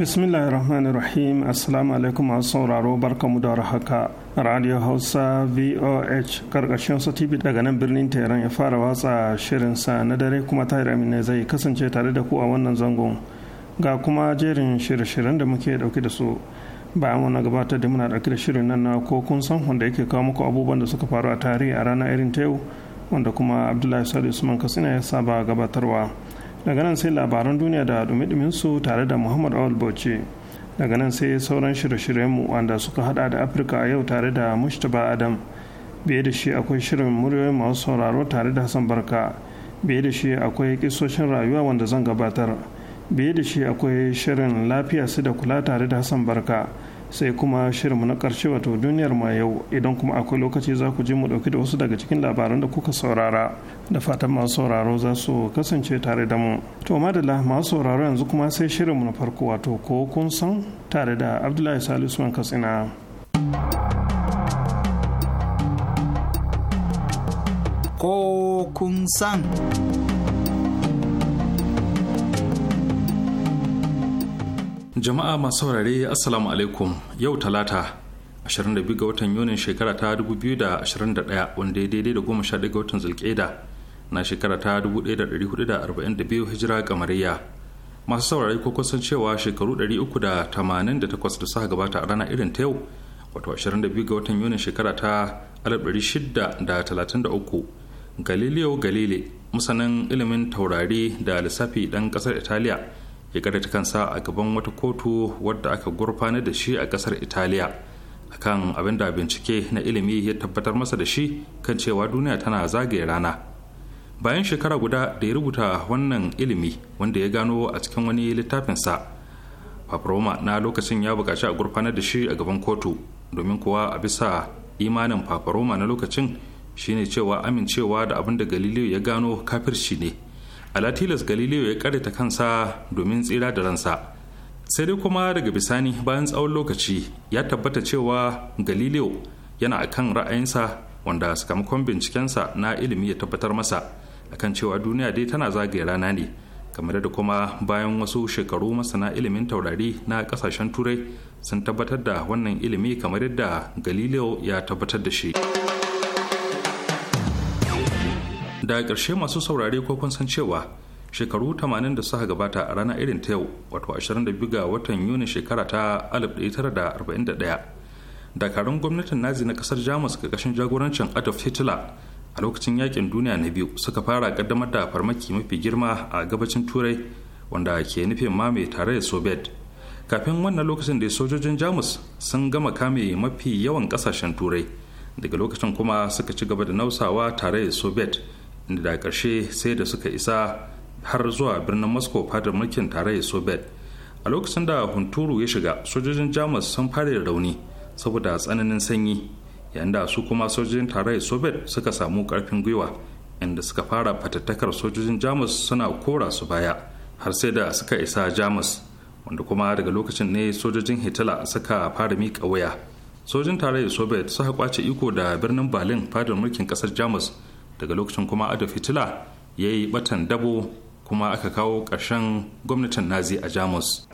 bismillahirrahmanirrahim assalamu alaikum masu sauraro barkamu da haka radio hausa voh karkashin su tv daga nan birnin tehran ya fara watsa shirinsa na dare kuma tahir ne zai kasance tare da ku a wannan zangon ga kuma jerin shirye-shiryen da muke dauke da su ba mu na gabatar da muna dauke da shirin nan na ko kun san wanda yake kawo muku abubuwan da suka faru a tarihi a ranar irin ta yau wanda kuma abdullahi sadu usman katsina ya saba gabatarwa daga nan sai labaran duniya da dumi su tare da muhammad awal bauchi daga nan sai sauran shirye-shiryenmu wanda suka hada da afirka a yau tare da mustapha adam biye da shi akwai shirin muryoyin masu sauraro tare da hassan barka biye da shi akwai kisoshin rayuwa wanda zan gabatar biye da shi akwai shirin lafiya su da kula tare da hassan barka sai kuma shirinmu na ƙarshe wato duniyar ma yau idan kuma akwai lokaci za ku je mu ɗauki da wasu daga cikin labaran da kuka saurara da fatan masu sauraro za su kasance tare da mu to madalla masu sauraro yanzu kuma sai shirinmu na farko wato ko kun san tare da abdullahi salisu man katsina ko kun san jama'a masu saurare assalamu alaikum yau talata 22 ga watan yunin shekara ta 2021 wanda ya daidai da 11 ga watan zulkeda na shekara ta 1442 hijira kamariya masu saurare ko kusan cewa shekaru 388 da suka gabata a rana irin ta yau wato 22 ga watan yunin shekara ta 1633 galileo galile musanin ilimin taurari da lissafi dan kasar italiya ya ta kansa a gaban wata kotu wadda aka gurfanar da shi a kasar italiya akan abin da bincike na ilimi ya tabbatar masa da shi kan cewa duniya tana zagaye rana bayan shekara guda da ya rubuta wannan ilimi wanda ya gano a cikin wani littafinsa paproma na lokacin ya buƙaci a gurfanar da shi a gaban kotu domin kuwa a bisa imanin paproma na lokacin shine cewa amincewa da abin da galileo ya gano kafirci ne alatilas galileo ya karita kansa domin tsira da ransa sai dai kuma daga bisani bayan tsawon lokaci ya tabbata cewa galileo yana kan ra'ayinsa wanda sakamakon bincikensa na ilimi ya tabbatar masa akan cewa duniya dai tana zagaye rana ne kamar da kuma bayan wasu shekaru masana ilimin taurari na kasashen turai sun tabbatar da wannan ilimi kamar yadda galileo ya tabbatar da shi. da ƙarshe masu saurare ko kun san cewa shekaru 80 da suka gabata a ranar irin ta yau wato 22 ga watan yuni shekara ta 1941 dakarun gwamnatin nazi na kasar jamus ƙarƙashin jagorancin adolf hitler a lokacin yakin duniya na biyu suka fara kaddamar da farmaki mafi girma a gabacin turai wanda ke nufin ma mai tare da soviet kafin wannan lokacin da sojojin jamus sun gama kame mafi yawan kasashen turai daga lokacin kuma suka ci gaba da nausawa tare da soviet da karshe sai da suka isa har zuwa birnin moscow fadar mulkin tarayyar soviet a lokacin da hunturu ya shiga sojojin jamus sun fara da rauni saboda tsananin sanyi yayin da su kuma sojojin tarayyar soviet suka samu karfin gwiwa inda suka fara fatattakar sojojin jamus suna kora su baya har sai da suka isa jamus wanda kuma daga lokacin ne sojojin hitler suka fara miƙa waya sojin tarayyar soviet suka kwace iko da birnin berlin fadar mulkin ƙasar jamus daga lokacin kuma Ado fitila ya yi batan dabo kuma aka kawo ƙarshen gwamnatin nazi a jamus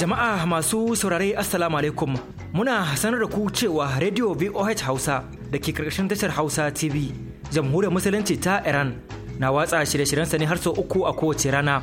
jama'a masu saurare assalamu alaikum muna sanar da ku cewa radio voh hausa da ke karkashin tashar hausa tv jamhuriyar musulunci ta iran na watsa shirye-shiryen Sani har sau uku a kowace rana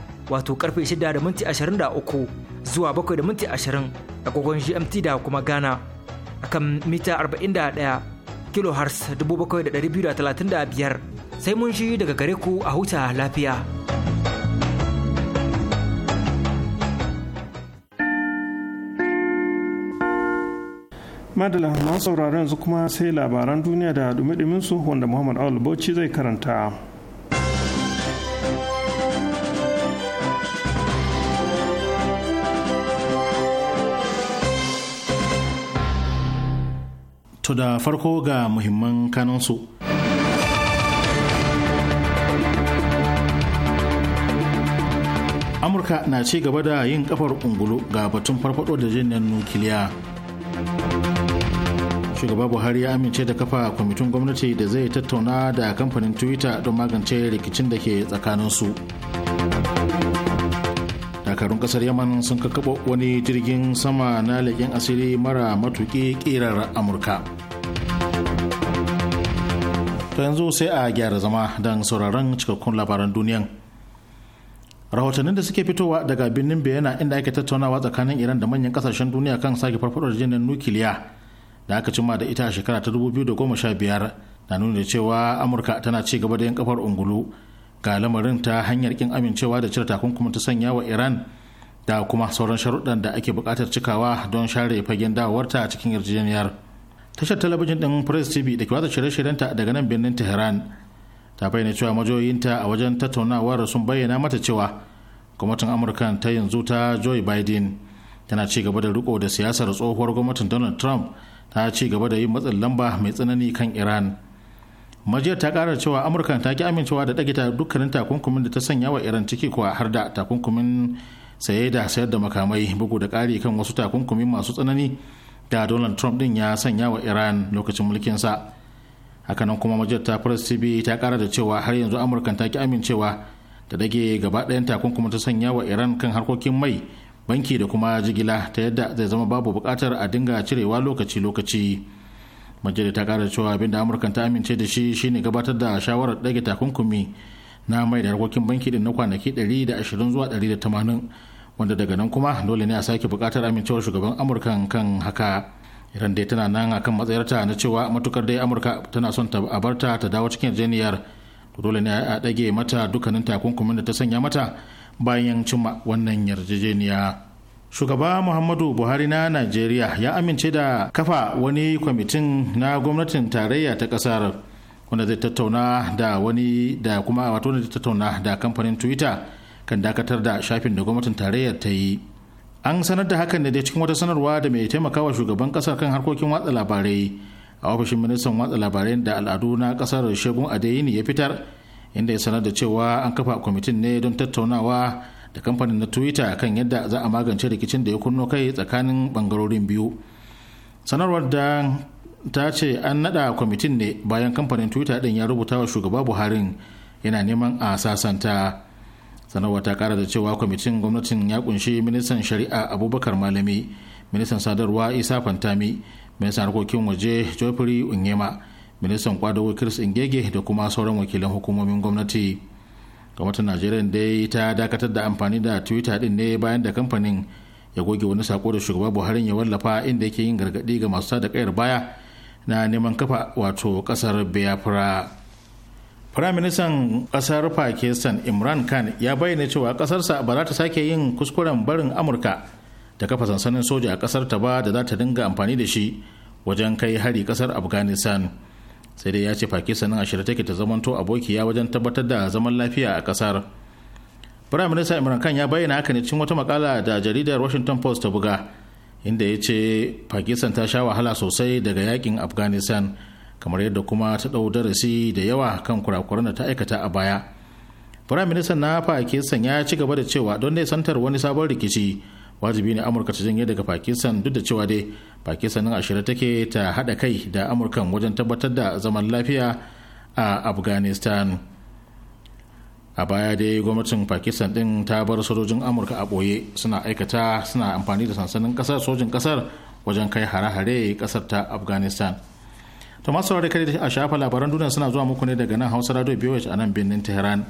wato karfe 6 da minti 23 zuwa 7 da minti 20 agogon GMT da kuma Ghana akan mita 41 kilohertz 7,235 sai mun shi daga gare ku a huta lafiya. Madala masu sauraron yanzu kuma sai labaran duniya da dumi su wanda Muhammad Awul Bauchi zai karanta. su da farko ga muhimman kanansu. Amurka na ci gaba da yin kafar ungulu ga batun farfado da jinnan nukiliya. Shugaba Buhari ya amince da kafa kwamitin gwamnati da zai tattauna da kamfanin Twitter don magance rikicin da ke tsakaninsu. su. dakarun kasar yaman sun kakabo wani jirgin sama na leƙen asiri mara matuƙi ƙirar amurka to yanzu sai a gyara zama don sauraron cikakkun labaran duniyan rahotannin da suke fitowa daga birnin bayyana inda ake tattaunawa tsakanin iran da manyan kasashen duniya kan sake farfadar jinin nukiliya da aka cimma da ita a shekara ta 2015 na nuna cewa amurka tana ci gaba da yin kafar ungulu ga lamarin ta hanyar kin amincewa da cire takunkumin ta sanya wa iran da kuma sauran sharuɗan da ake buƙatar cikawa don share fagen dawowarta a cikin yarjejeniyar tashar talabijin ɗin press tv da ke watsa shirye-shiryenta daga nan birnin tehran ta bayyana cewa majoyinta a wajen tattaunawar sun bayyana mata cewa gwamnatin amurka ta yanzu ta joe biden tana ci gaba da riko da siyasar tsohuwar gwamnatin donald trump ta ci gaba da yin matsin lamba mai tsanani kan iran majiyar ta kara cewa amurka ta ki amincewa da ta dukkanin takunkumin da ta sanya wa iran ciki kuwa har da takunkumin saye da sayar da makamai bugu da kari kan wasu takunkumin masu tsanani da donald trump din ya sanya wa iran lokacin mulkinsa hakanan kuma majiyar ta press tv ta kara da cewa har yanzu amurka ta ki amincewa da dage gaba ɗayan takunkumin ta sanya wa iran kan harkokin mai banki da kuma jigila ta yadda zai zama babu bukatar a dinga cirewa lokaci-lokaci. majalisar ta kara cewa abinda amurka ta amince da shi shine gabatar da shawarar ɗage takunkumi na mai da harkokin banki din na kwanaki 120 zuwa 180 wanda daga nan kuma dole ne a sake bukatar amincewar shugaban amurka kan haka iran dai tana nan akan matsayarta na cewa matukar dai amurka tana son ta abarta ta dawo cikin yarjejeniyar dole ne a dage mata dukkanin takunkumin da ta sanya mata bayan cimma wannan yarjejeniya. shugaba muhammadu buhari na najeriya ya amince da kafa wani kwamitin na gwamnatin tarayya ta kasar wanda zai tattauna da wani da kuma wato wanda zai tattauna da kamfanin twitter kan dakatar da shafin da gwamnatin tarayyar ta yi an sanar da hakan ne da cikin wata sanarwa da mai taimakawa shugaban kasar kan harkokin watsa labarai a ofishin ministan watsa labarai da al'adu na kasar shegun adeyini ya fitar inda ya sanar da cewa an kafa kwamitin ne don tattaunawa da kamfanin na twitter kan yadda za a magance rikicin da ya kunno kai tsakanin bangarorin biyu sanarwar da ta ce an nada kwamitin ne bayan kamfanin twitter din ya rubuta wa shugaba buharin yana neman a sasanta sanarwar ta kara da cewa kwamitin gwamnatin ya kunshi ministan shari'a abubakar malami ministan sadarwa isa fantami ministan harkokin waje geoffrey unyema ministan kwadago chris ingege da kuma sauran wakilan hukumomin gwamnati gwamnatin najeriya dai ta dakatar da amfani da twitter din ne bayan da kamfanin ya goge wani sako da shugaba buhari ya wallafa inda yake yin gargadi ga masu sada kayar baya na neman kafa wato kasar biafra firaministan kasar pakistan imran khan ya bayyana cewa kasarsa ba za ta sake yin kuskuren barin amurka da kafa sansanin soja a kasar ta ba da za ta dinga amfani da shi wajen kai hari kasar afghanistan sai dai ya ce pakistan a shirya take ta zamanto abokiya wajen tabbatar da zaman lafiya a kasar prime minister imran khan ya bayyana haka ne cikin wata makala da jaridar washington post ta buga inda ya ce pakistan ta sha wahala sosai daga yakin afghanistan kamar yadda kuma ta ɗau darasi da yawa kan kurakuran da ta aikata a baya prime minister na pakistan ya ci gaba da cewa don ne santar wani sabon rikici wajibi ne amurka ta janye daga pakistan duk da cewa dai pakistan nan ashirin take ta hada kai da amurkan wajen tabbatar da zaman lafiya a afghanistan a baya dai gwamnatin pakistan din ta bar sojojin amurka a boye suna aikata suna amfani da sansanin kasar sojin kasar wajen kai hare-hare kasar ta afghanistan to masu da a shafa labaran duniya suna zuwa muku ne daga nan hausa radio biyu a nan birnin tehran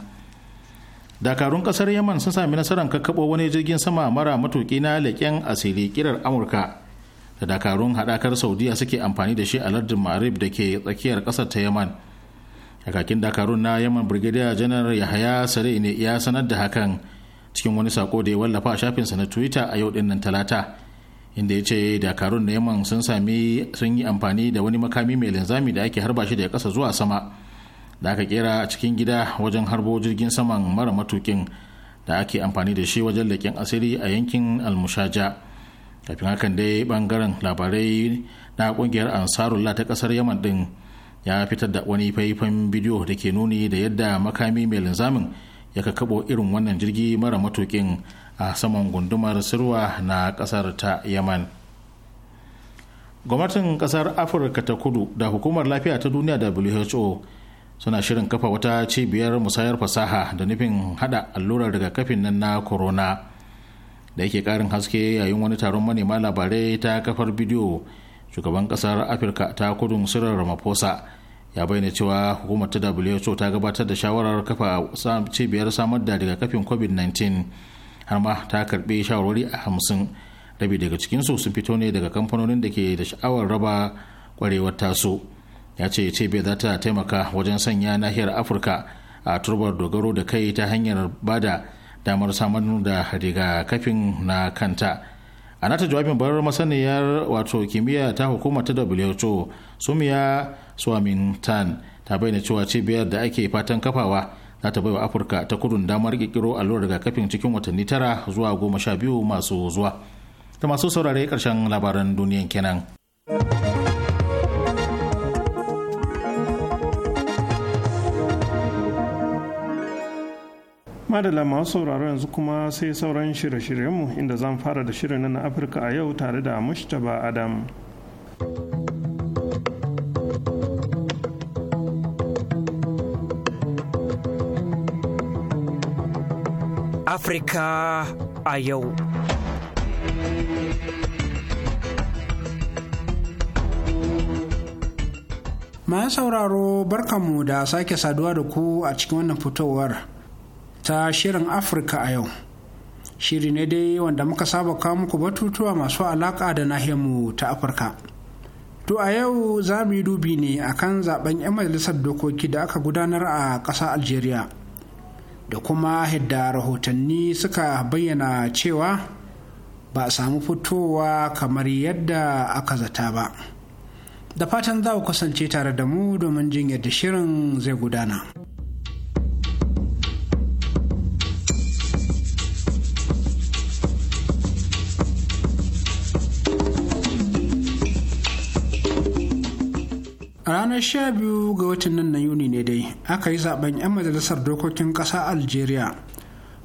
dakarun kasar yaman sun sami nasarar kakkaɓo wani jirgin sama mara matuƙi na leƙen asiri kirar amurka da dakarun haɗakar saudiya suke amfani da shi a lardin marib da ke tsakiyar kasar ta yaman kakakin dakarun na yaman brigadier janar yahaya sare ne ya sanar da hakan cikin wani sako da ya wallafa a shafinsa na twitter a yau dinnan talata inda ya ce dakarun na yaman sun sami sun yi amfani da wani makami mai linzami da ake harba shi daga kasa zuwa sama da aka kera a cikin gida wajen harbo jirgin saman mara matukin da ake amfani da shi wajen leƙen asiri a yankin almushaja kafin hakan dai bangaren labarai na kungiyar ansarullah ta kasar yaman din ya fitar da wani faifan bidiyo da ke nuni da yadda makami mai linzamin ya ka kakabo irin wannan jirgi mara matukin a saman gundumar sirwa na kasar ta yaman gwamnatin kasar afirka ta kudu da hukumar lafiya ta duniya who suna shirin kafa wata cibiyar musayar fasaha da nufin hada allurar rigakafin nan na corona da yake karin haske yayin wani taron manema labarai ta kafar bidiyo shugaban kasar afirka ta kudun sirar ramaphosa ya bayyana cewa hukumar ta who ta gabatar da shawarar kafa cibiyar samar da rigakafin covid-19 har ma ta karbi shawarwari a hamsin rabi daga cikinsu sun fito ne daga kamfanonin da ke da sha'awar raba kwarewar tasu ya ce cebe za ta taimaka wajen sanya nahiyar afirka a turbar dogaro da kai ta hanyar bada damar samar da kafin na kanta a nata jawabin barar masaniyar wato kimiyya ta hukumar ta who sumiya swamintan ta bayyana cewa cibiyar da ake fatan kafawa za ta baiwa afirka ta kudun damar kirkiro daga kafin cikin watanni tara zuwa goma sha biyu masu zuwa ta masu saurare karshen labaran duniyan kenan. madala masu sauraro yanzu kuma sai sauran shirye-shiryenmu inda zan fara da shirin na afirka a yau tare da mustaba adam Afirka a yau. Masu sauraro barkanmu da sake saduwa da ku a cikin wannan fitowar. ta shirin afirka a yau shiri ne dai wanda muka saba kawo muku batutuwa masu alaƙa da nahiyarmu ta afirka to a yau za mu yi dubi ne a kan zaben 'yan majalisar dokoki da aka gudanar a ƙasa algeria da kuma yadda rahotanni suka bayyana cewa ba a samu fitowa kamar yadda aka zata ba da fatan za ku kasance tare da mu domin jin yadda shirin zai gudana. a ranar biyu ga watan nan na yuni ne dai aka yi zaben 'yan majalisar dokokin ƙasa algeria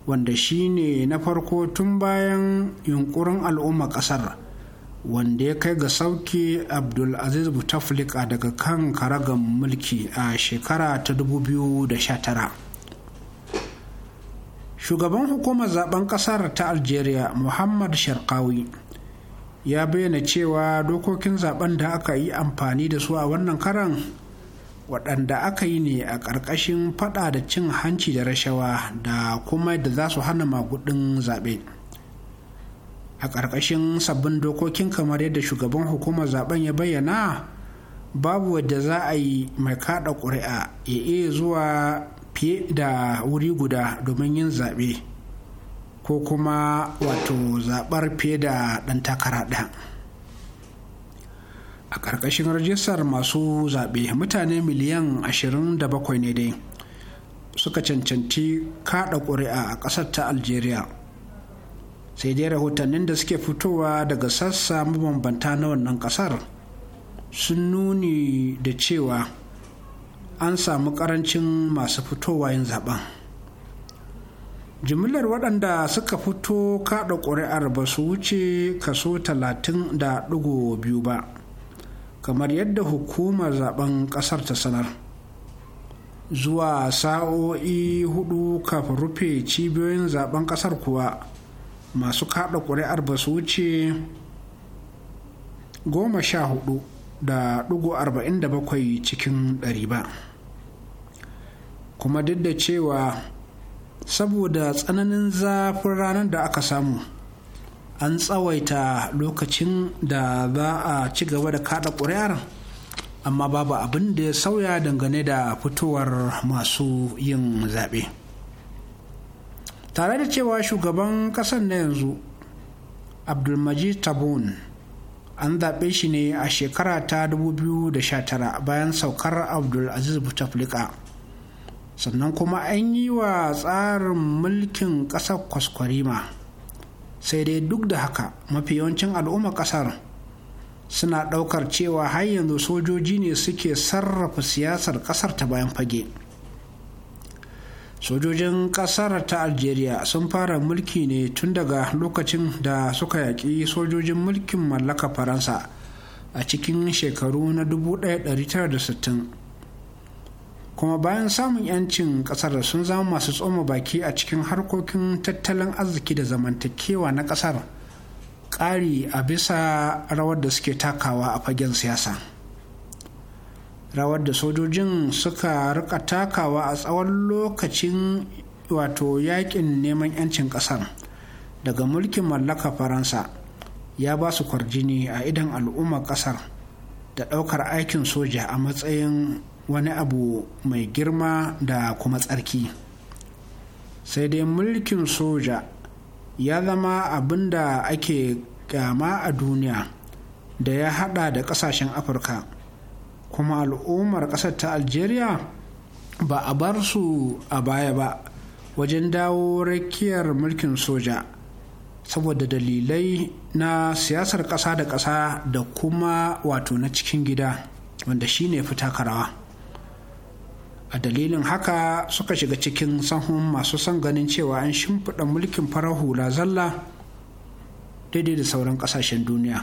wanda shi ne na farko tun bayan yunkurin al'umma ƙasar wanda ya kai ga sauke abdulaziz butaflika daga kan karagan mulki a shekara ta 2019 shugaban hukumar zaben kasar ta algeria muhammad sharkawi ya bayyana cewa dokokin zaben da aka yi amfani da su a wannan karan waɗanda aka yi ne a ƙarƙashin faɗa da cin hanci da rashawa da kuma da za su hana magudin zaɓe a ƙarƙashin sabbin dokokin kamar yadda shugaban hukumar zaben ya bayyana babu wadda za a yi mai kaɗa ƙuri'a ya iya zuwa fiye da wuri guda domin yin zaɓe ko kuma wato zaɓar fiye da ɗan takara ɗaya a ƙarƙashin rajistar masu zaɓe mutane miliyan 27 ne dai suka cancanci kaɗa ƙuri'a a ƙasar ta algeria sai dai rahotannin da suke fitowa daga sassa mabambanta na wannan ƙasar sun nuni da cewa an samu ƙarancin masu fitowa yin zaɓen jimillar waɗanda suka fito kaɗa ƙuri'ar ba su wuce kaso biyu ba kamar yadda hukumar zaben ƙasar ta sanar zuwa sa'o'i hudu kafin rufe cibiyoyin zaben ƙasar kuwa masu kaɗa ƙuri'ar ba su wuce bakwai cikin ɗari ba kuma duk da cewa saboda tsananin zafin ranar da aka samu an tsawaita lokacin da za a ci gaba da kada ƙuri'ar amma babu abin da ya sauya dangane da fitowar masu yin zaɓe tare da cewa shugaban ƙasar na yanzu abdulmajid tabun an zaɓe shi ne a shekara ta 2019 bayan saukar abdulaziz bouteflika sannan kuma an yi wa tsarin mulkin ƙasar kwaskwarima sai dai duk da haka mafi yawancin al'ummar ƙasar suna ɗaukar cewa har yanzu sojoji ne suke sarrafa siyasar ƙasar ta bayan fage sojojin ƙasar ta algeria sun fara mulki ne tun daga lokacin da suka yaƙi sojojin mulkin mallaka faransa a cikin shekaru na 1960 kuma bayan samun 'yancin kasar sun zama masu tsoma baki a cikin harkokin tattalin arziki da zamantakewa na kasar ƙari a bisa rawar da suke takawa a fagen siyasa rawar da sojojin suka rika takawa a tsawon lokacin wato yakin neman 'yancin kasar daga mulkin mallaka faransa ya ba su kwarjini a idan al'ummar kasar da ɗaukar aikin soja a matsayin wani abu mai girma da kuma tsarki sai dai mulkin soja ya zama abin da ake gama a duniya da ya hada da kasashen afirka kuma al'ummar kasar ta algeria ba a bar su a baya ba wajen dawo rakiyar mulkin soja saboda dalilai na siyasar ƙasa da ƙasa da kuma wato na cikin gida wanda shine fita karawa. a dalilin haka suka shiga cikin sahun masu son ganin cewa an shimfiɗa mulkin farar hula zalla daidai da sauran ƙasashen duniya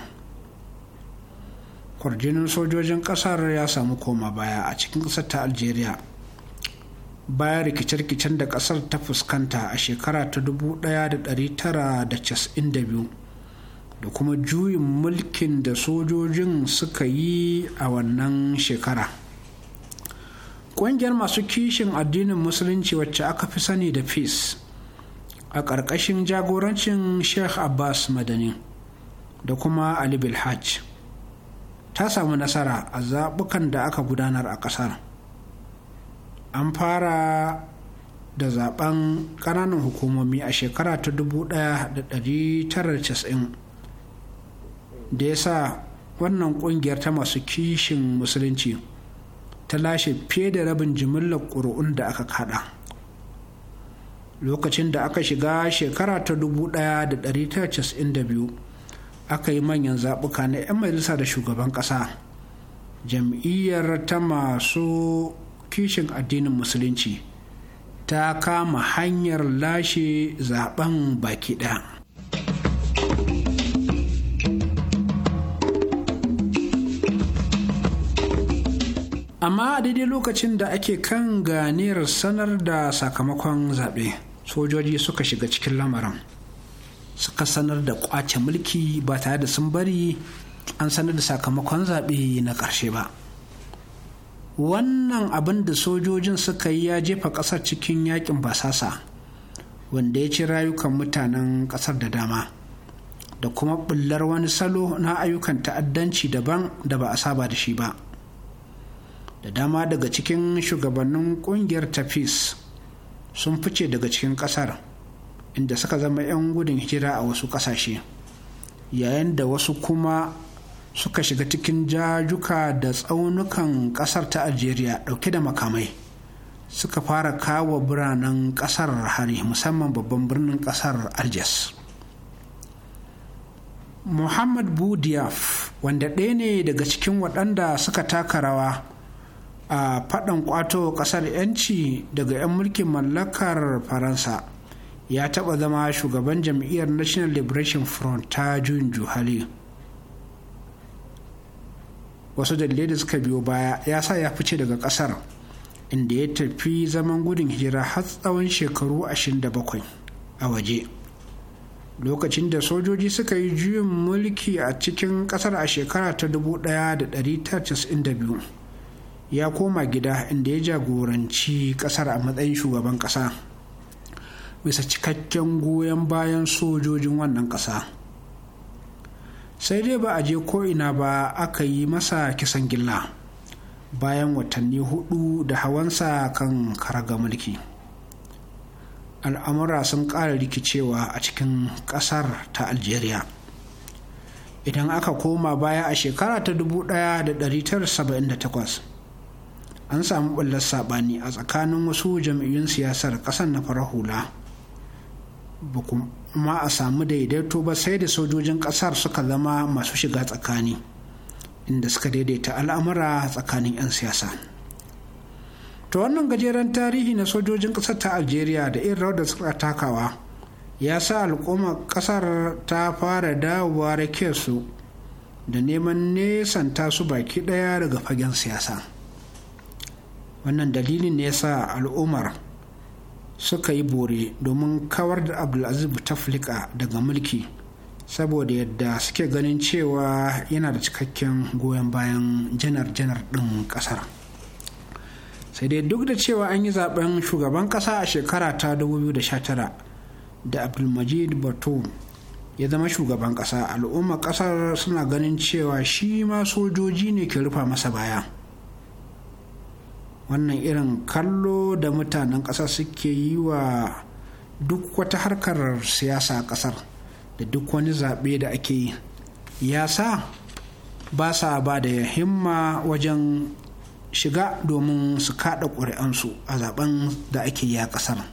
kwarjinin sojojin ƙasar ya samu koma baya a cikin ƙasar ta algeria baya rikice-rikicen da ƙasar ta fuskanta a shekara ta 1992 da kuma juyin mulkin da sojojin suka yi a wannan shekara. ƙungiyar masu kishin addinin musulunci wacce aka fi sani da peace a ƙarƙashin jagorancin sheikh abbas madani da kuma ali bilhaj ta samu nasara a zaɓukan da aka gudanar a ƙasar an fara da zaben ƙananan hukumomi a shekara ta 1990 da ya sa wannan ƙungiyar ta masu kishin musulunci ta lashe fiye da rabin jimillar ƙuri'un da aka kada lokacin da aka shiga shekara ta 1992 aka yi manyan zaɓuka na 'yan majalisa da shugaban ƙasa jam'iyyar ta masu kishin addinin musulunci ta kama hanyar lashe zaben baki ɗaya amma a daidai lokacin da ake kan ganiyar sanar da sakamakon zaɓe sojoji suka shiga cikin lamarin suka sanar da kwace mulki ba tare da sun bari an sanar da sakamakon zaɓe na ƙarshe ba wannan abin da sojojin suka yi ya jefa ƙasar cikin yaƙin basasa wanda ya ci rayukan mutanen ƙasar da dama da kuma ɓullar wani salo na ayyukan ta'addanci daban da ba a saba da shi ba da dama daga cikin shugabannin kungiyar ta peace sun fice daga cikin kasar inda suka zama 'yan gudun hira a wasu kasashe yayin da wasu kuma suka shiga cikin jajuka da tsaunukan kasar ta algeria dauke da makamai suka fara kawo biranen kasar hari musamman babban birnin kasar algiers muhammad budiaf wanda ɗaya ne daga cikin waɗanda suka taka rawa a faɗan ƙwato ƙasar 'yanci daga 'yan mulkin mallakar faransa ya taɓa zama shugaban jam'iyyar national liberation front ta juyin juhali wasu dalilai da suka biyo baya ya sa ya fice daga ƙasar inda ya tafi zaman gudun hijira har tsawon shekaru 27 a waje lokacin da sojoji suka yi juyin mulki a cikin ƙasar a shekara ta 1992 ya koma gida inda ya jagoranci kasar a matsayin shugaban kasa bisa cikakken goyon bayan sojojin wannan kasa sai dai ba a je ko'ina ba aka yi masa kisan gilla bayan watanni hudu da hawansa kan karaga mulki al'amura sun ƙara rikicewa a cikin ƙasar ta algeria idan aka koma baya a shekara ta 1978 an samu ɓullar saɓani a tsakanin wasu jam'iyyun siyasar ƙasar na fara hula ba kuma a samu daidaito ba sai da sojojin ƙasar suka zama masu shiga tsakani inda suka daidaita al'amura tsakanin 'yan siyasa. ta wannan gajeren tarihi na sojojin ƙasar ta algeria da irin rawar da suka takawa ya sa al'ummar ƙasar ta fara dawowa rake su da neman nesanta su baki ɗaya daga fagen siyasa wannan dalilin ne ya sa al'ummar suka yi bore domin kawar da abdulaziz bouteflika daga mulki saboda yadda suke ganin cewa yana da cikakken goyon bayan janar-janar ɗin ƙasar sai dai duk da cewa an yi zaben shugaban ƙasa a shekara ta 2019 da abdulmajid bato ya zama shugaban ƙasa al'ummar ƙasar suna ganin cewa shi ma sojoji ne ke rufa masa baya wannan irin kallo da mutanen ƙasa suke yi wa duk wata harkar siyasa a ƙasar da duk wani zaɓe da ake yi ya sa ba sa ba da himma wajen shiga domin su kaɗa ƙuri'ansu a zaben da ake yi a ƙasar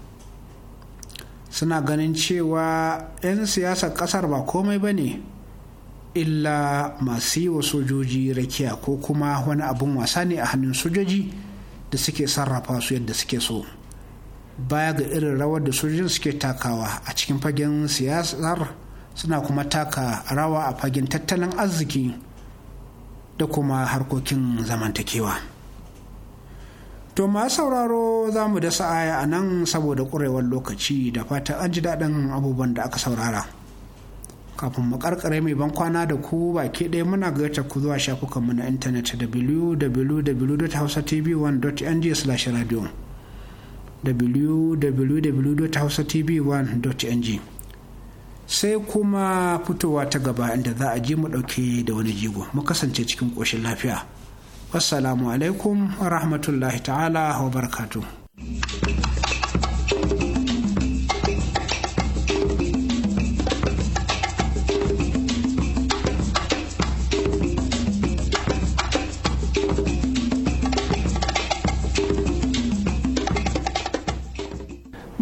suna ganin cewa 'yan siyasar ƙasar ba komai ba ne illa masu yi wa sojoji rakiya ko kuma wani abin wasa ne a hannun sojoji da suke sarrafa su yadda suke so baya ga irin rawar da sojojin suke takawa a cikin fagen siyasar suna kuma taka rawa a fagen tattalin arziki da kuma harkokin zamantakewa to ma sauraro za mu da sa'aya a nan saboda ƙurewar lokaci da fata an ji daɗin abubuwan da aka saurara. kafin mu karkare mai ban kwana da ku baki ɗaya muna gayyata ku zuwa shafukan mu na intanet www.hausatv1.ng/radio www.hausatv1.ng sai kuma fitowa ta gaba inda za a je mu ɗauke da wani jigo mu kasance cikin ƙoshin lafiya wassalamu alaikum wa rahmatullahi ta'ala wa barakatuh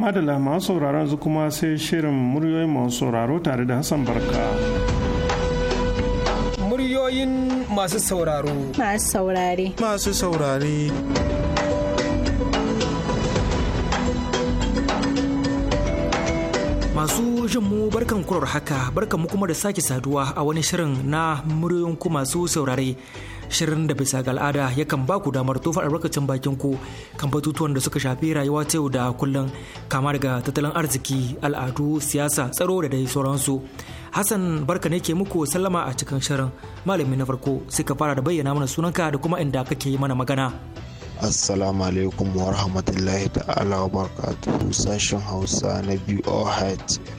adala masu sauraron zu kuma sai shirin muryoyin masu sauraro tare da Hassan Barka. Muryoyin masu sauraro. Masu saurare. Masu saurare. Masu jin mu barkan kurar haka barkan mu kuma da sake saduwa a wani shirin na muryoyin ku masu saurare. shirin da bisa ga al'ada yakan ba ku damar tofa albarkacin bakin ku kan batutuwan da suka shafi rayuwa ta yau da kullum kama daga tattalin arziki al'adu siyasa tsaro da dai sauransu hassan barka ne ke muku sallama a cikin shirin malami na farko sai ka fara da bayyana mana sunanka da kuma inda kake yi mana magana assalamu alaikum wa rahmatullahi ta'ala wa barakatuhu sashen hausa na biyu boh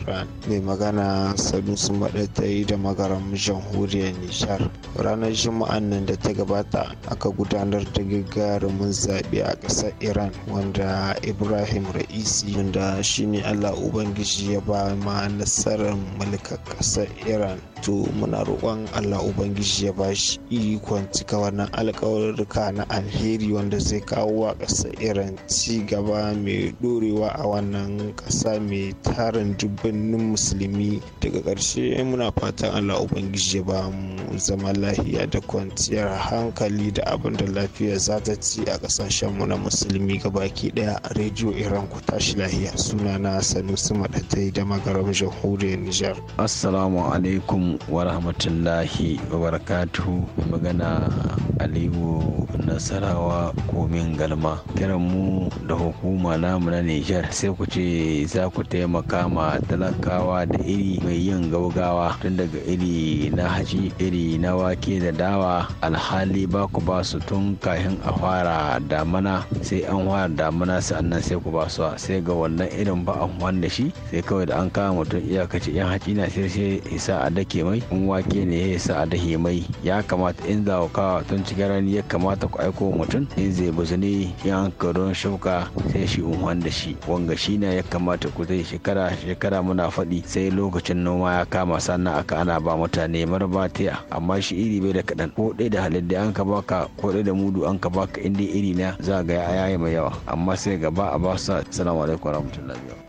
iran mai magana ta yi da magaran jamhuriyar nishar ranar juma'an nan da ta gabata aka gudanar da gagarumin zaɓe a ƙasar iran wanda ibrahim ra'isi wanda shine allah ubangiji ya ba ma nasarar mulka ƙasar iran to muna roƙon allah ubangiji ya ba shi ikon cika wannan alƙawarruka na alheri wanda zai kawo wa ƙasa irin ci gaba mai ɗorewa a wannan ƙasa mai tarin dubbanin musulmi daga ƙarshe muna fatan allah ubangiji ya ba mu zama lafiya da kwanciyar hankali da abin da lafiya za ta ci a ƙasashen mu na musulmi gabaki ɗaya a rediyo iran ku tashi lahiya suna na sanusi maɗatai da magaram jamhuriyar nijar assalamu alaikum wa rahmatullahi wa barakatuhu magana aliyu nasarawa ko hukumin galma kiran mu da hukuma namu na nijar sai ku ce za ku taimaka ma talakawa da iri mai yin gaugawa tun daga iri na haji iri na wake da dawa alhali ba ku ba su tun kafin a fara damana sai an fara damana sannan sai ku ba su sai ga wannan irin ba an da shi sai kawai da an kama mutum iyakaci yan haji na sai sai isa a dake mai in wake ne ya isa a dahe mai ya kamata in zawo kawa tun cikin rani ya kamata ku aiko mutum in zai mai ne ya an karon shauka sai shi umar da shi wanga shi ne ya kamata ku zai shekara shekara muna faɗi sai lokacin noma ya kama sannan aka ana ba mutane marbatiya amma shi iri bai da kaɗan ko ɗaya da halin da an ka baka ko ɗaya da mudu an ka baka inda iri na za ga ya mai yawa amma sai gaba a ba su salamu alaikum warahmatullahi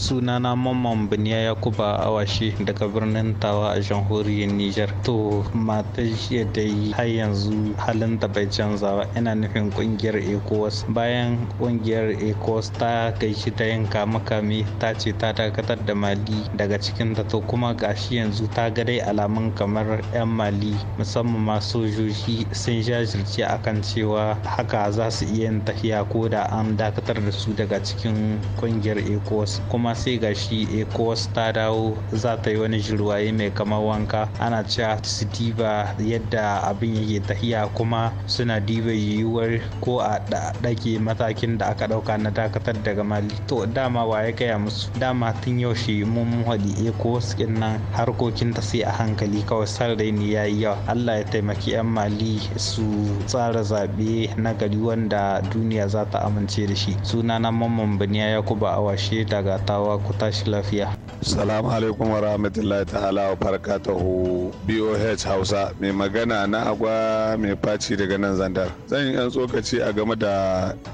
sunana mamman biniya yakuba awashi daga birnin tawa a jamhuriyar Nijar. to matar yadda yi har yanzu halin da bai canza ba ina nufin kungiyar ecowas bayan kungiyar ecowas ta gaishi ta yin kame ta ce ta dakatar da mali daga cikin ta to kuma gashi yanzu ta ga dai alamun kamar 'yan mali musamman ma sojoji sun jajirce akan cewa haka za su iya yin tafiya ko da an dakatar da su daga cikin ƙungiyar ecowas kuma kuma sai ga shi wasu ta dawo za ta yi wani jirwaye mai kamar wanka ana cewa su diba yadda abin yake tahiya kuma suna diba yiwuwar ko a ɗage matakin da aka ɗauka na dakatar daga mali to dama wa ya gaya musu dama tun yaushe mun haɗi ecowas ɗin nan harkokin ta sai a hankali kawai san rai ne ya yi yawa allah ya taimaki 'yan mali su tsara zaɓe na gari wanda duniya za ta amince da shi sunana mamman biniya yakuba awashe daga ta kulawa ku tashi lafiya. Salamu alaikum wa rahmatullahi ta'ala wa barakatuhu BOH Hausa mai magana na agwa mai faci daga nan zandar. Zan yi yan tsokaci a game da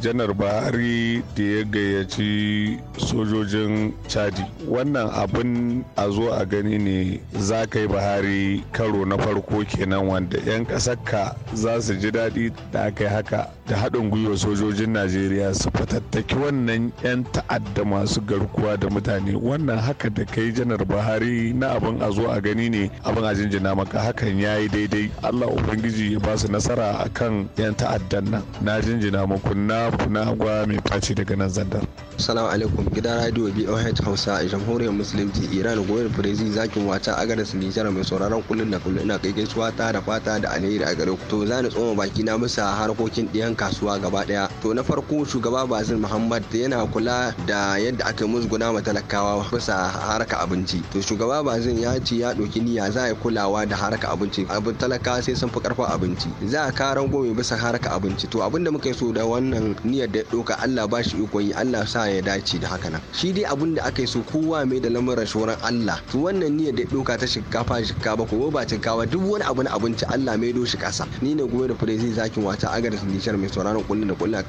janar Buhari da ya gayyaci sojojin Chadi. Wannan abin a zo a gani ne za ka yi Buhari karo na farko kenan wanda 'yan ƙasarka za su ji daɗi da aka yi haka da haɗin gwiwa sojojin najeriya su fatattaki wannan 'yan ta'adda masu garkuwa da mutane wannan haka da kai janar buhari na abin a zo a gani ne abin a jinjina maka hakan ya yi daidai allah ubangiji ya ba su nasara kan 'yan ta'addan nan na jinjina muku na gwa mai faci daga nan zandar salamu alaikum gidan radio boh hausa a jamhuriyar musulunci iran goyon firezi zakin wata a agadas nijar mai sauraron kullum da kullum ina kai gaisuwa ta da fata da alheri a gare ku to za ni tsoma baki na musa harkokin ɗiyan 'yan kasuwa gaba daya to na farko shugaba bazin muhammad yana kula da yadda aka musguna ma talakawa bisa harka abinci to shugaba bazin ya ce ya ɗauki niyya za a kulawa da harka abinci abin talaka sai sun fi karfa abinci za a karan gome bisa harka abinci to abinda muka so da wannan niyyar da doka, allah ba shi ikon yi allah sa ya dace da haka nan shi dai abinda aka aka so kowa mai da lamuran shoran allah to wannan niyyar da doka ta shinkafa shinkafa ko ba shinkafa duk wani abu na abinci allah mai do shi kasa. ni ne gobe da fure zai zakin wata agar nishar mai sauraron kullum da kullum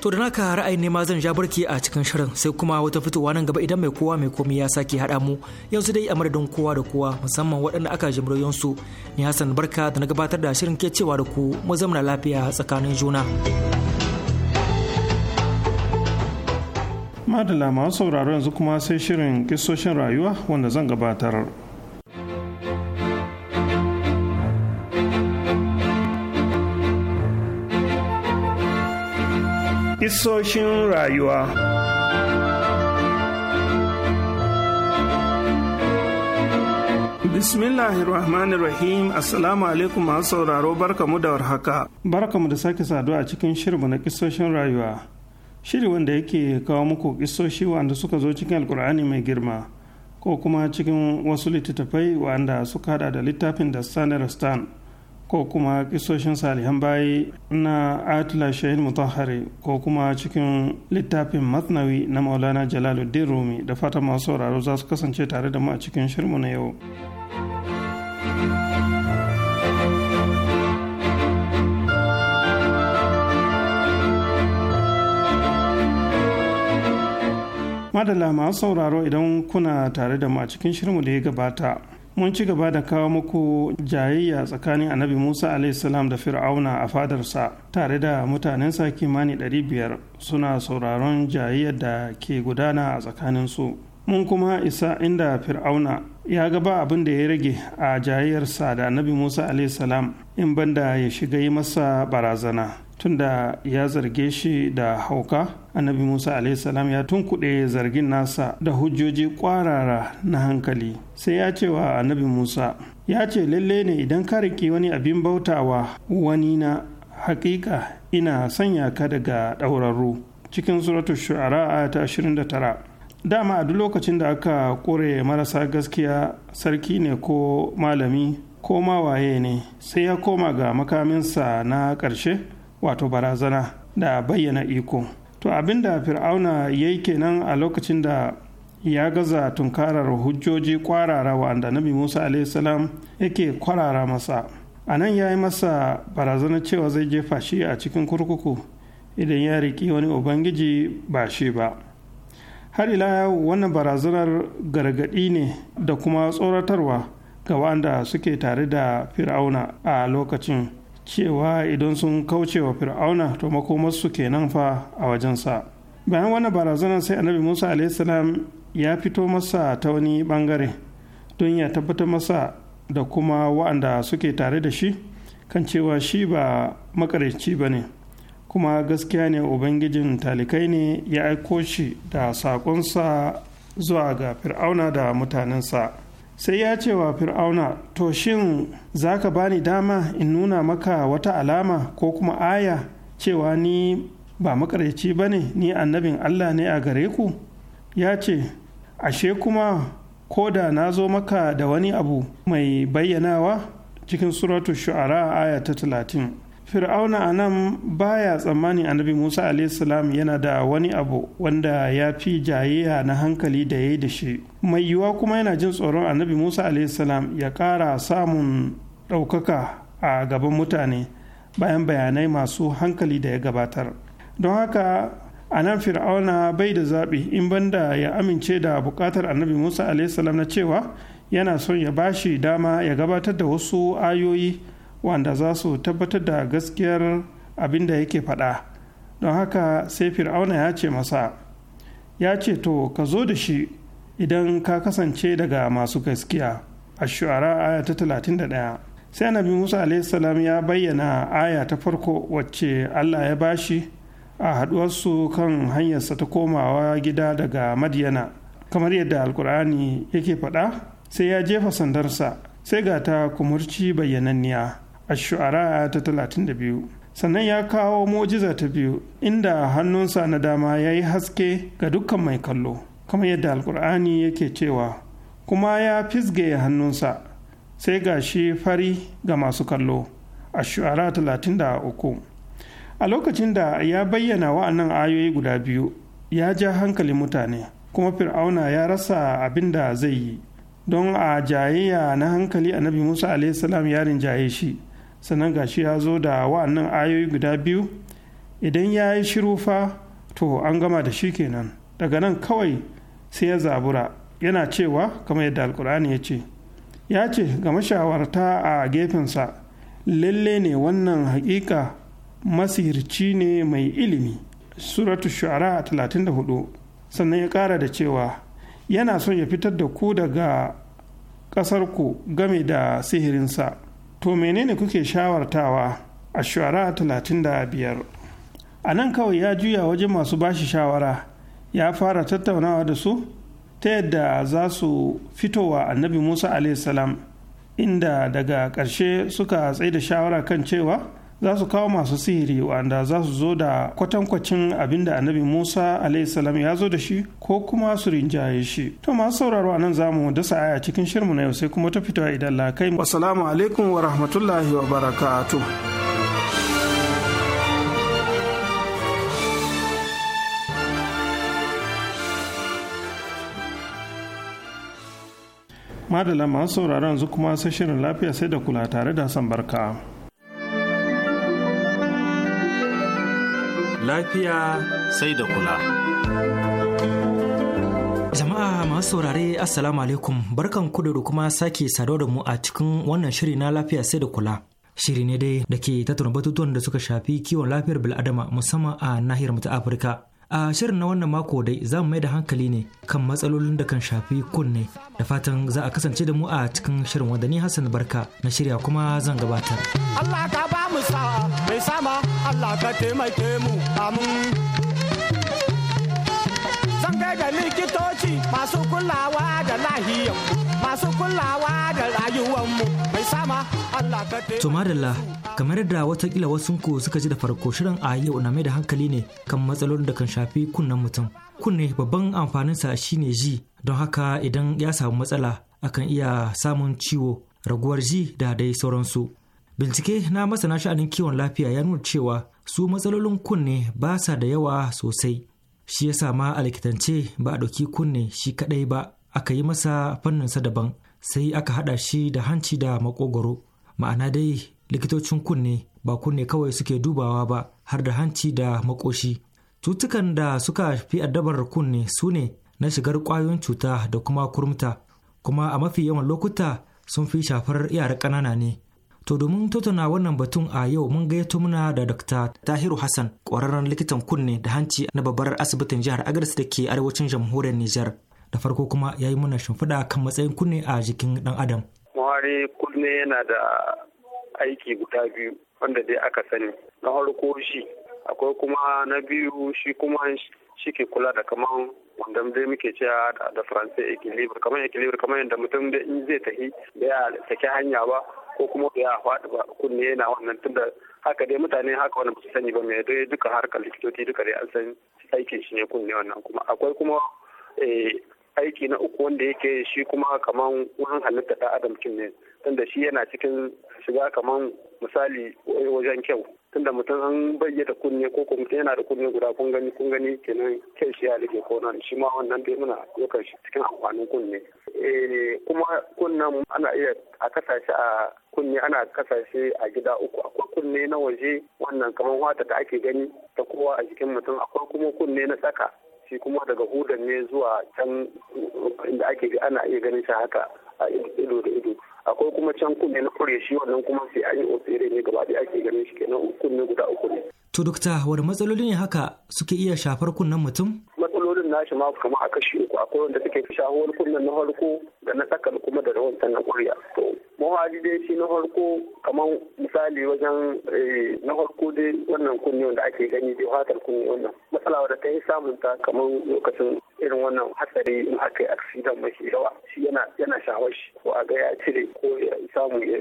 To da naka ra'ayin ne ma zan ja barki a cikin shirin sai kuma wata fitowa nan gaba idan mai kowa mai komai ya sake haɗa mu yanzu dai a madadin kowa da kowa musamman waɗanda aka jimriyon su ni Hassan Barka da na gabatar da shirin ke cewa da ku mu zamana lafiya tsakanin juna. Madalla masu sauraro yanzu kuma sai shirin kisoshin rayuwa wanda zan gabatar. Kisoshin rayuwa. Bismillahirrahmanirrahim Assalamu alaikum masu sauraro barkamu da warhaka. Barkamu da sake saduwa a cikin shirmu na kisoshin rayuwa. Shiri wanda yake kawo muku kisoshi wanda suka zo cikin alkur'ani mai girma ko kuma cikin wasu littattafai wanda suka hada da littafin da Stan ko kuma kisoshin salihan bayi na atila shahid mutahari ko kuma cikin littafin matnawi na maulana jalaluddin rumi da fata masu sauraro za su kasance tare da mu a cikin shirmu na yau madalla masu sauraro idan kuna tare da mu a cikin shirmu da ya gabata mun ci gaba da kawo muku jayayya tsakanin annabi musa salam da fir'auna a fadarsa tare da mutanensa kimani 500 suna sauraron jayayyar da ke gudana a tsakaninsu mun kuma isa inda fir'auna ya gaba abin da ya rage a jayayyarsa da annabi musa salam in banda ya shiga yi masa barazana tunda ya zarge shi da hauka annabi musa salam ya tunkuɗe zargin nasa da hujjoji ƙwarara na hankali sai ya ce wa annabi musa ya ce lalle ne idan ka riƙe wani abin bautawa wani na haƙiƙa ina sanya ka daga ɗaurarru cikin suratu shu'ara ta 29 dama a duk lokacin da aka kore marasa gaskiya sarki ne ko malami ko ma waye ne sai ya koma ga makaminsa na ƙarshe wato barazana da bayyana iko to abin da fir'auna ya yi kenan a lokacin da ya gaza tunkarar hujjoji kwarara wa nabi musa salam yake kwarara masa a nan ya yi masa barazanar cewa zai jefa shi a cikin kurkuku idan ya riƙi wani ubangiji ba shi ba har ila wannan barazanar gargaɗi ne da kuma tsoratarwa ga wa'anda suke tare da fir'auna a lokacin cewa idan sun kauce wa fir'auna to makomarsu kenan fa a wajensa bayan wani barazanar sai annabi musa alaihissalam ya fito masa ta wani bangare don ya tabbatar masa da kuma wa'anda suke tare da shi kan cewa shi ba makarici ba ne kuma gaskiya ne ubangijin talikai ne ya aiko shi da saƙonsa zuwa ga fir'auna da mutanensa. sai ya ce wa fir'auna to shin za ka ba ni dama in nuna maka wata alama ko kuma aya cewa ni ba makaryaci ba ne ni annabin allah ne a gare ku ya ce ashe kuma ko da na zo maka da wani abu mai bayyanawa cikin suratu shu'ara aya ta talatin fir'auna a nan baya tsammanin annabi musa salam yana da wani abu wanda ya fi jayayya na hankali da ya yi da shi mai yiwuwa kuma yana jin tsoron annabi musa salam ya ƙara samun ɗaukaka a gaban mutane bayan bayanai masu hankali da ya gabatar don haka a nan fir'auna bai da zaɓi in banda ya amince da buƙatar annabi musa salam na cewa yana son ya bashi dama ya gabatar da wasu ayoyi wanda za su tabbatar da gaskiyar abin da yake faɗa don haka sai fir'auna ya ce masa ya ce to ka zo da shi idan ka kasance daga masu gaskiya a shu'ara aya ta 31 sai annabi musa salam ya bayyana aya ta farko wacce allah ya bashi a haɗuwarsu kan hanyarsa ta komawa gida daga madiyana kamar yadda alkur'ani yake faɗa sai ya jefa sandarsa sai ga ta kumurci bayyananniya ashu'ara ta talatin da biyu. sannan ya kawo mu'jiza ta biyu inda hannunsa na dama ya yi haske ga dukkan mai kallo kamar yadda alkur'ani yake cewa kuma ya fisge hannunsa sai ga shi fari ga masu kallo ashu'ara 33 a lokacin da ya bayyana wa'annan ayoyi guda biyu ya ja hankali mutane kuma fir'auna ya rasa abin da zai yi don a jayayya na hankali annabi musa salam ya rinjaye shi sannan gashi ya zo da wa'annan ayoyi guda biyu idan ya yi shiru fa to an gama da shi kenan daga nan kawai sai ya zabura yana cewa kamar yadda alkur'ani ya ce ya ce ga mashawarta a gefensa lalle ne wannan hakika masihirci ne mai ilimi suratu shu'ara 34 sannan ya kara da cewa yana son ya fitar da ku daga ƙasarku game da sihirinsa to menene kuke shawartawa a shawara biyar? a nan kawai ya juya wajen masu bashi shawara ya fara tattaunawa da su ta yadda za su fitowa annabi musa a.s. inda daga ƙarshe suka tsaye da shawara kan cewa za su kawo masu sihiri wanda za su zo da kwatankwacin abin da annabi musa alaihissalam ya zo da shi ko kuma su rinjaye shi to masu sauraro a nan za mu dasa aya cikin shirmu na yau sai kuma ta fitowa idan lakai wasalamu alaikum wa rahmatullahi wa barakatu. madala masu sauraron zu kuma sai shirin lafiya sai da kula tare da san barka. lafiya sai da kula. Jama'a masu saurare Assalamu alaikum barkan Kudu da kuma sake saduwa da mu a cikin wannan shiri na lafiya sai da kula. Shiri ne dai da ke tattauna batutuwan da suka shafi kiwon lafiyar bil'adama musamman a nahiyar mu ta Afirka. a shirin na wannan mako dai za mu mai da hankali ne kan matsalolin da kan shafi kunne da fatan za a kasance da mu a cikin shirin wanda hassan barka na shirya kuma zan gabatar allah ka ba mu sa mai sama allah ka taimake mu amin zan da likitoci masu kulawa da lahiyar masu kulawa da rayuwanmu mai sama Allah ka To madalla kamar yadda watakila wasu ku suka ji da farko shirin a yau na mai da hankali ne kan matsalolin da kan shafi kunnen mutum. Kunne babban amfaninsa shine ji don haka idan ya samu matsala akan iya samun ciwo raguwar ji da dai sauransu. Bincike na masana sha'anin kiwon lafiya ya nuna cewa su matsalolin kunne ba sa da yawa sosai. Shi ya ma a likitance ba a ɗauki kunne shi kaɗai ba aka yi masa fannin sa daban sai aka haɗa shi da hanci da makogoro ma'ana dai likitocin kunne ba kunne kawai suke dubawa ba har da hanci da makoshi cutukan da suka fi addabar kunne su ne na shigar ƙwayoyin cuta da kuma kurmta kuma a mafi yawan lokuta sun fi shafar yara ƙanana ne To domin tattauna wannan batun a yau mun gayyato muna da Dr. Tahiru Hassan, ƙwararren likitan kunne da hanci na babbar asibitin jihar agadis da ke arewacin jamhuriyar Nijar. da farko kuma ya yi muna shimfiɗa kan matsayin kunne a jikin ɗan adam. muhari kunne yana da aiki guda biyu wanda dai aka sani na farko shi akwai kuma na biyu shi kuma shi ke kula da kaman wanda dai muke cewa da faransa equilibre kamar equilibre kamar yadda mutum da in zai tafi da ya saki hanya ba ko kuma da ya faɗi ba kunne yana wannan tunda haka dai mutane haka wani su sani ba mai dai duka harkar likitoci duka dai an san aikin shi ne kunne wannan kuma akwai kuma eh, aiki na uku wanda yake shi kuma kaman wurin halitta da adam kin ne tunda shi yana cikin shiga kaman misali wajen kyau tunda mutum an bayyana kunne ko kuma mutum yana da kunne guda kun gani kun gani kenan kyau shi ya rike ko nan shi ma wannan dai muna lokacin shi cikin amfanin kunne eh, kuma kunnen ana iya a kasashe a kunne ana kasashe a gida uku akwai kunne na waje wannan kaman wata da ake gani ta kowa a jikin mutum akwai kuma kunne na tsaka shi kuma daga hudan ne zuwa can inda ake ana iya ganin shi haka a ido da ido akwai kuma can kunne na kure shi wannan kuma sai an yi ofere ne gaba da ake ganin shi kenan kunne guda uku ne. to dokta wani matsaloli ne haka suke iya shafar kunnen mutum? matsaloli kunnen nashi ma kamar a kashi uku akwai wanda suke shahuwar kunnen na farko da na tsakar kuma da rawan sannan kuriya to muhaji dai shi na farko kamar misali wajen eh, na farko dai wannan kunne da ake gani dai fatar kunne wannan matsala wadda ta yi samun ta kamar lokacin irin wannan hatsari in aka yi aksidan mai yawa shi yana yana shawar shi ko a ga ya cire ko ya samu ya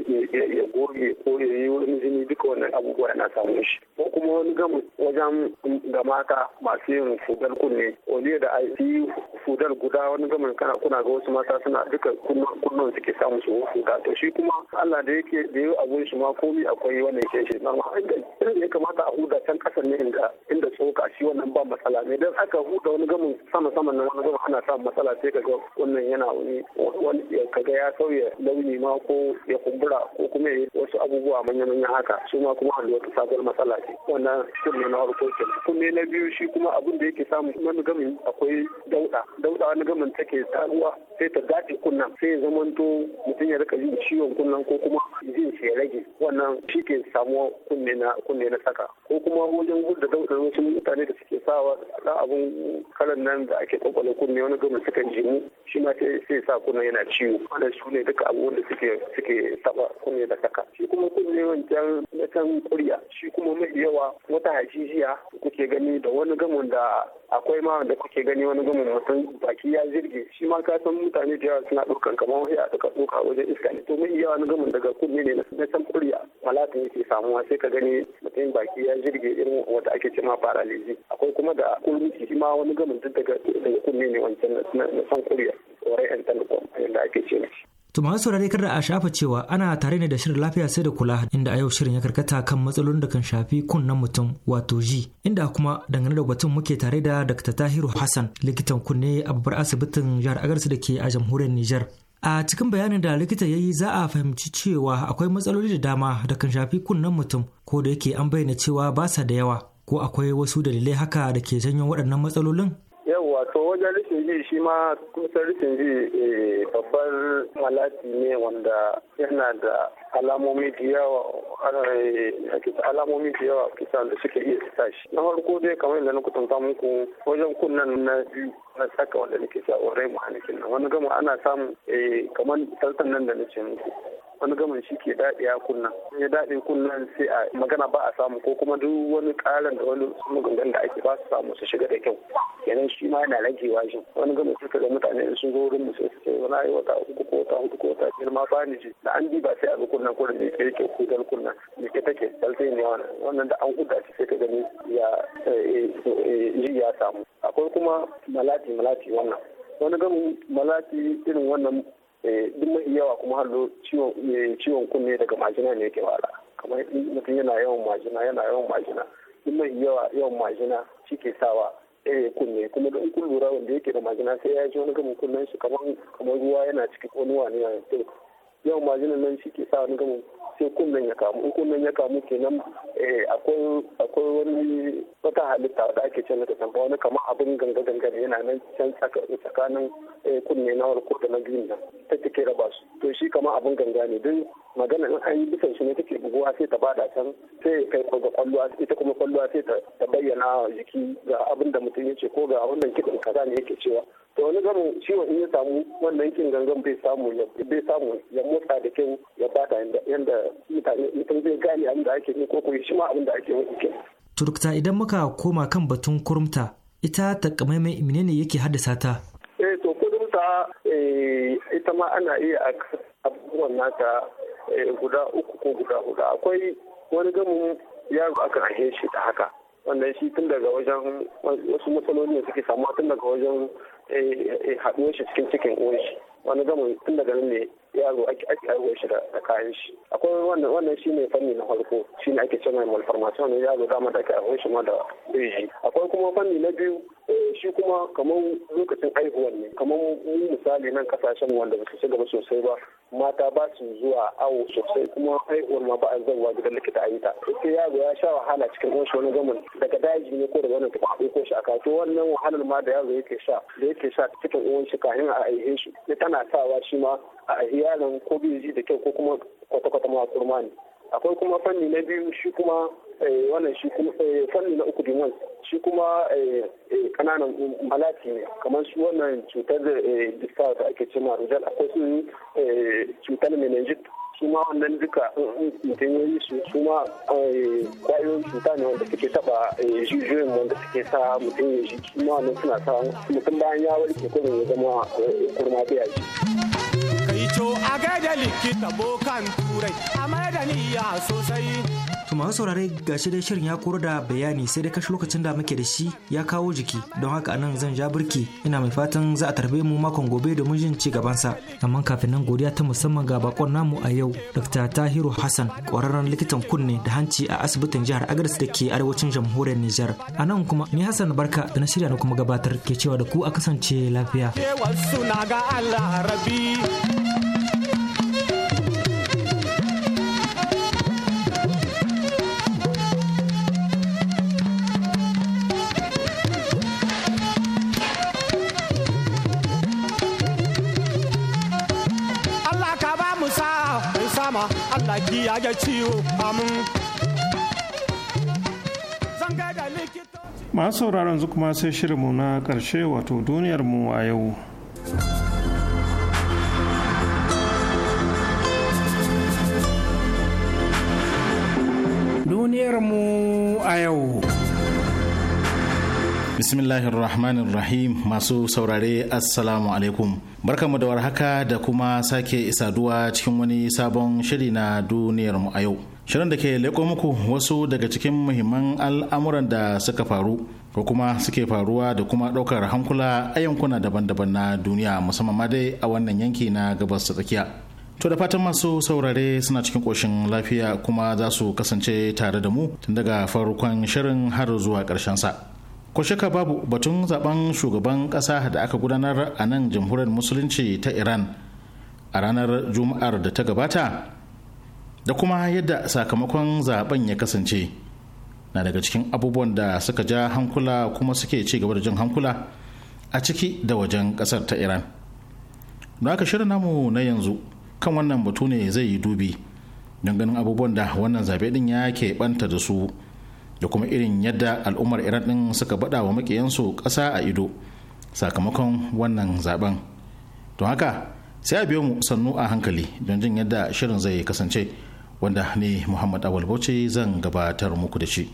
goge ko ya yi wani jini duka wannan abubuwa yana samun shi ko kuma wani gamu wajen ga mata masu yin fugal kunne wani da a yi fudar guda wani gamin kana kuna ga wasu mata suna duka kunnan suke samun su huda to shi kuma Allah da yake da yau abun shi ma komi akwai wanda yake shi nan inda ya kamata a huda can kasa ne inda inda tsoka shi wannan ba matsala ne dan aka huda wani gamin sama sama nan wani gamin ana samun matsala sai kaga wannan yana wani wani kaga ya sauya launi ma ko ya kumbura ko kuma ya wasu abubuwa manya manya haka su ma kuma hannu wata sabuwar matsala ce wannan kunne na harkokin kunne na biyu shi kuma abin da yake samu wani gamin akwai dauda dauda wani gamin take taruwa sai ta dace kunnan sai ya zamanto mutum ya rika yin ciwon kunnan ko kuma jin shi ya rage wannan shi ke samuwa kunne na kunne na saka ko kuma wajen da dauda wasu mutane da suke sawa da abun kalan nan da ake kwakwale kunne wani gamin suka jimu shi ma sai sa kunnan yana ciwo wannan su ne duka abubuwan da suke suke saba kunne da saka shi kuma kunne wancan na can kuriya shi kuma mai yawa wata hajijiya kuke gani da wani gamin da akwai ma wanda kuke ke gani wani na wasan baki ya zirge shi ma ka san mutane da yawa suna ɗaukan kamar wani a ɗauka tsoka wajen iska ne to mun iya wani gumin daga kunne ne na san kurya malatin yake samuwa sai ka gani mutum baki ya zirge irin wata ake ce ma paralizi akwai kuma da kurmi shi ma wani gumin duk daga kunne ne wancan na san kurya tsoron yan tanakon yadda ake ce mashi. To masu saurare da a shafa cewa ana tare ne da shirin lafiya sai da kula inda a yau shirin ya karkata kan matsalolin da kan shafi kunnen mutum wato ji inda kuma dangane da batun muke tare da Dr. Tahiru Hassan likitan kunne a babbar asibitin jihar agarsi da ke a jamhuriyar Nijar. A cikin bayanin da likita ya yi za a fahimci cewa akwai matsaloli da dama da kan shafi kunnen mutum ko da yake an bayyana cewa ba sa da yawa ko akwai wasu dalilai haka da ke janyo waɗannan matsalolin yawwa to wajen rikin ji shi ma kusan rikin ji eh, babbar malati ne wanda yana da alamomi da yawa eh, alamomi da yawa da suke iya sa shi na farko dai kamar yadda na kutanta muku wajen kunnan na biyu na saka wanda nake sa wa rai nan wani gama ana samun eh, kamar saltan nan da nace muku wani gaman shi ke daɗe a kunna ya daɗe kunnan sai a magana ba a samu ko kuma duk wani ƙaran da wani magangan da ake ba su samu su shiga da kyau yanayin shi ma yana rage shi wani gaman shi ka ga mutane in sun zo wurin mu sai su ce wani wata uku ko wata hudu ko wata biyar ma ba ni ji da an ba sai a bi kunnan ko da me ke yake hudar kunna me ke take sai ne wannan wannan da an huda shi sai ka gani ya eh, eh, ji ya samu akwai kuma malati malati wannan wani gamin malati irin wannan Eh, duk mafi yawa kuma hallo eh, ciwon kunne daga majina ne ke wala kamar mutum yana yawan majina yana yawan majina duk mafi yawa yawan majina shi ke sawa ya eh, kunne kuma da kun lura wanda yake da majina sai ya ji wani gamin kunnen shi kamar ruwa yana cikin wani wani yanzu. yau majinan nan shi ke sa wani gamu sai kunnen ya kamu in kunnen ya kamu kenan eh, akwai wani wata halitta da ake cewa ta tamba wani kamar abin ganga ganga yana nan can tsakanin eh, kunne na warko da na biyun nan ta take raba su to shi kamar abin ganga ne don magana in an yi bisan shi ne take buguwa sai ta bada can sai kai ko ga kwallo ita kuma kwallo sai ta bayyana jiki ga abin da mutum ya ce ko ga wannan kiɗin kaza ne yake cewa to wani gamin ciwo in ya samu wannan kin gangan bai samu ya bai samu ya motsa da kyau ya bata yanda mutane mutum zai gane abin da ake yi ko kuma shi ma abin da ake yi turkta idan muka koma kan batun kurumta ita takamaiman menene yake haddasa ta eh to kurumta eh, ita ma ana iya abubuwan nata eh, guda uku ko guda huɗu akwai wani gamin yaro aka rahe shi da haka wannan shi tun daga wajen wasu matsaloli suke samuwa tun daga wajen Eh, eh, haɗuwar shi cikin cikin uwar shi wani gama tun daga nan ne yaro ake ake shi da kayan shi akwai wannan wannan ne fanni na farko ne ake cewa malformation ne yaro dama da ake aiwo shi ma da yi akwai kuma fanni na biyu eh, shi kuma kamar lokacin aihuwan ne kamar mu misali nan kasashen wanda basu ci gaba sosai ba mata ba su zuwa awo sosai kuma aihuwar ma ba a zauwa gidan likita a yi ta sai yaro ya sha wahala cikin wanshi wani gamin daga daji ne ko da wani ko shi a to wannan wahalar ma da yaro yake sha da yake sha cikin uwan shi kayan a aihe shi tana ana sawa shi ma a yaron ko biyu ji da kyau ko kuma kwata-kwata ma kurma ne akwai kuma fanni na biyu shi kuma eh, wannan shi kuma eh, fanni na uku dinan shi kuma kananan eh, malati ne kamar shi wannan cutar da ake ce ma rujal akwai su cutar meningitis su wannan duka mutum ya yi su su eh, kwayoyin cuta ne wanda suke taba eh, jijiyoyin wanda suke sa mutum ya ji suma wannan suna sa mutum bayan ya warke kurin ya zama eh, kurma biya ji. kai to a gaida likita bokan turai a niyya sosai To masu saurare shi dai shirin ya koro da bayani sai dai kashi lokacin da muke da shi ya kawo jiki don haka anan zan ja birki ina mai fatan za a tarbe mu makon gobe da mun ci gaban sa Amma kafin nan godiya ta musamman ga bakon namu a yau Dr. Tahiru Hassan kwararren likitan kunne da hanci a asibitin jihar Agadez da ke arewacin jamhuriyar Nijar. A nan kuma ni Hassan Barka da na shirya na kuma gabatar ke cewa da ku a kasance lafiya. Wasu na ga Allah rabi Allah kiya ya ciwo amin. Masu sauraron zu kuma sai shirinmu na ƙarshe wato duniyarmu a yau. Duniyarmu a yau. Bismillahir Rahmanir Rahim masu saurare Assalamu alaikum. Barkanmu da warhaka da kuma sake isaduwa cikin wani sabon shiri na duniyar mu a yau. Shirin da ke leko muku wasu daga cikin muhimman al'amuran da suka faru ko kuma suke faruwa da kuma ɗaukar hankula a yankuna daban-daban na duniya musamman ma dai a wannan yanki na gabas ta tsakiya. To da fatan masu saurare suna cikin ƙoshin lafiya kuma za su kasance tare da mu tun daga farkon shirin har zuwa ƙarshen sa. ko shaka babu batun zaben shugaban kasa da aka gudanar a nan jamhuriyar musulunci ta iran a ranar juma'ar da ta gabata da kuma yadda sakamakon zaben ya kasance na daga cikin abubuwan da suka ja hankula kuma suke ci gaba da jin hankula a ciki da wajen kasar ta iran da haka shirin namu na yanzu kan wannan batu ne zai yi dubi don ganin abubuwan da wannan zaɓe ɗin ya ke ɓanta da su da kuma irin yadda al'ummar iran din suka bada wa makiyansu ƙasa a ido sakamakon wannan zaben don haka sai a biyo mu sannu a hankali don jin yadda shirin zai kasance wanda ne muhammad awal bauchi zan gabatar muku da shi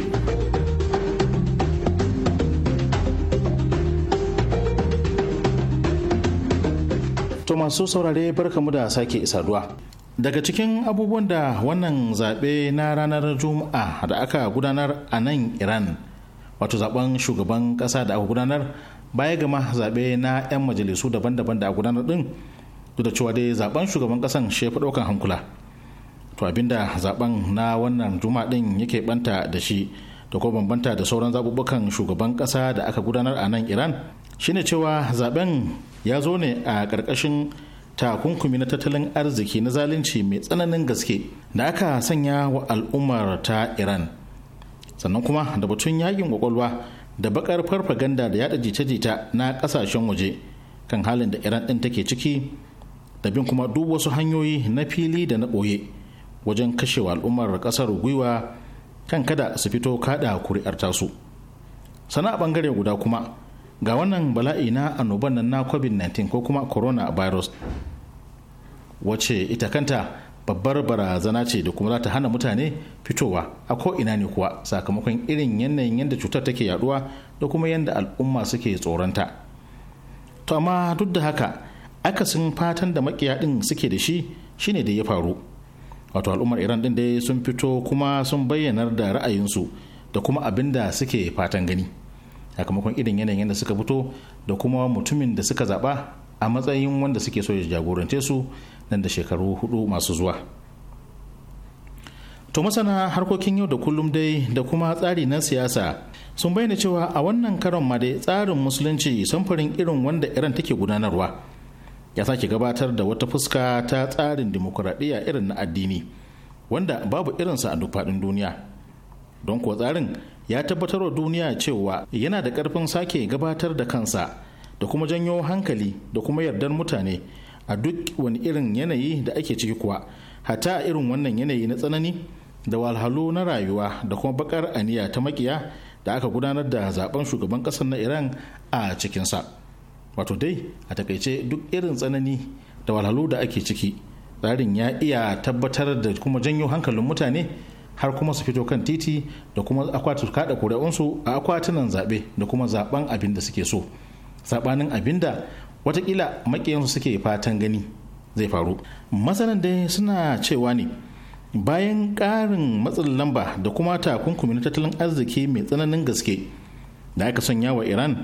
to masu saurare barkamu da sake saduwa daga cikin abubuwan da wannan zaɓe na ranar juma'a da aka gudanar a nan iran wato zaben shugaban ƙasa da aka gudanar baya gama zaɓe na 'yan majalisu daban-daban da aka gudanar ɗin duk da cewa dai zaben shugaban ƙasan shi fi ɗaukan hankula to abinda zaben na wannan juma'a ɗin yake banta da shi da ko bambanta da sauran zaɓuɓɓukan shugaban ƙasa da aka gudanar a nan iran shine cewa zaɓen ya zo ne a ƙarƙashin takunkumi na tattalin arziki na zalunci mai tsananin gaske da aka sanya wa al'ummar ta iran sannan kuma da batun yakin kwakwalwa da bakar farfaganda da yada jita-jita na kasashen waje kan halin da iran din take ciki da bin kuma duk wasu hanyoyi na fili da na ɓoye wajen kashewa al'ummar kasar gwiwa kan kada su fito kada kuri'ar tasu sana a bangare guda kuma ga wannan bala'i na annoban nan na covid-19 ko kuma corona virus wace ita kanta babbar barazana ce da kuma za ta hana mutane fitowa a ko'ina ne kuwa sakamakon irin yanayin yadda cutar take yaduwa da kuma yadda al'umma suke tsoronta to amma duk da haka akasin fatan da makiya din suke da shi shine da ya faru wato al'ummar iran din dai sun fito kuma sun bayyanar da ra'ayinsu da kuma abin da suke fatan gani sakamakon irin yanayin yadda suka fito da kuma mutumin da suka zaba a matsayin wanda suke so ya jagorance su nan da shekaru hudu masu zuwa to masana harkokin yau da kullum dai da kuma tsari na siyasa sun bayyana cewa a wannan karon ma dai tsarin musulunci samfurin irin wanda iran take gudanarwa ya sake gabatar da wata fuska ta tsarin dimokuraɗiyya irin na addini wanda babu irinsa a duk faɗin duniya don kuwa tsarin ya tabbatar wa duniya cewa yana da karfin sake gabatar da kansa da kuma janyo hankali da kuma yardar mutane a duk wani irin yanayi da ake ciki kuwa hata a irin wannan yanayi na tsanani da walhalu na rayuwa da kuma bakar aniya ta makiya da aka gudanar da zaben shugaban kasar na iran a cikinsa wato dai a takaice duk irin tsanani da walhalu da ake ciki tsarin ya iya tabbatar da kuma janyo hankalin mutane har kuma su fito kan titi da kuma akwatin kada kuri'unsu a akwatunan zaɓe da kuma zaɓen abin da suke so saɓanin abin da watakila maƙiyansu suke fatan gani zai faru masanan dai suna cewa ne bayan ƙarin matsin lamba da kuma takunkumi na tattalin arziki mai tsananin gaske da aka sanya wa iran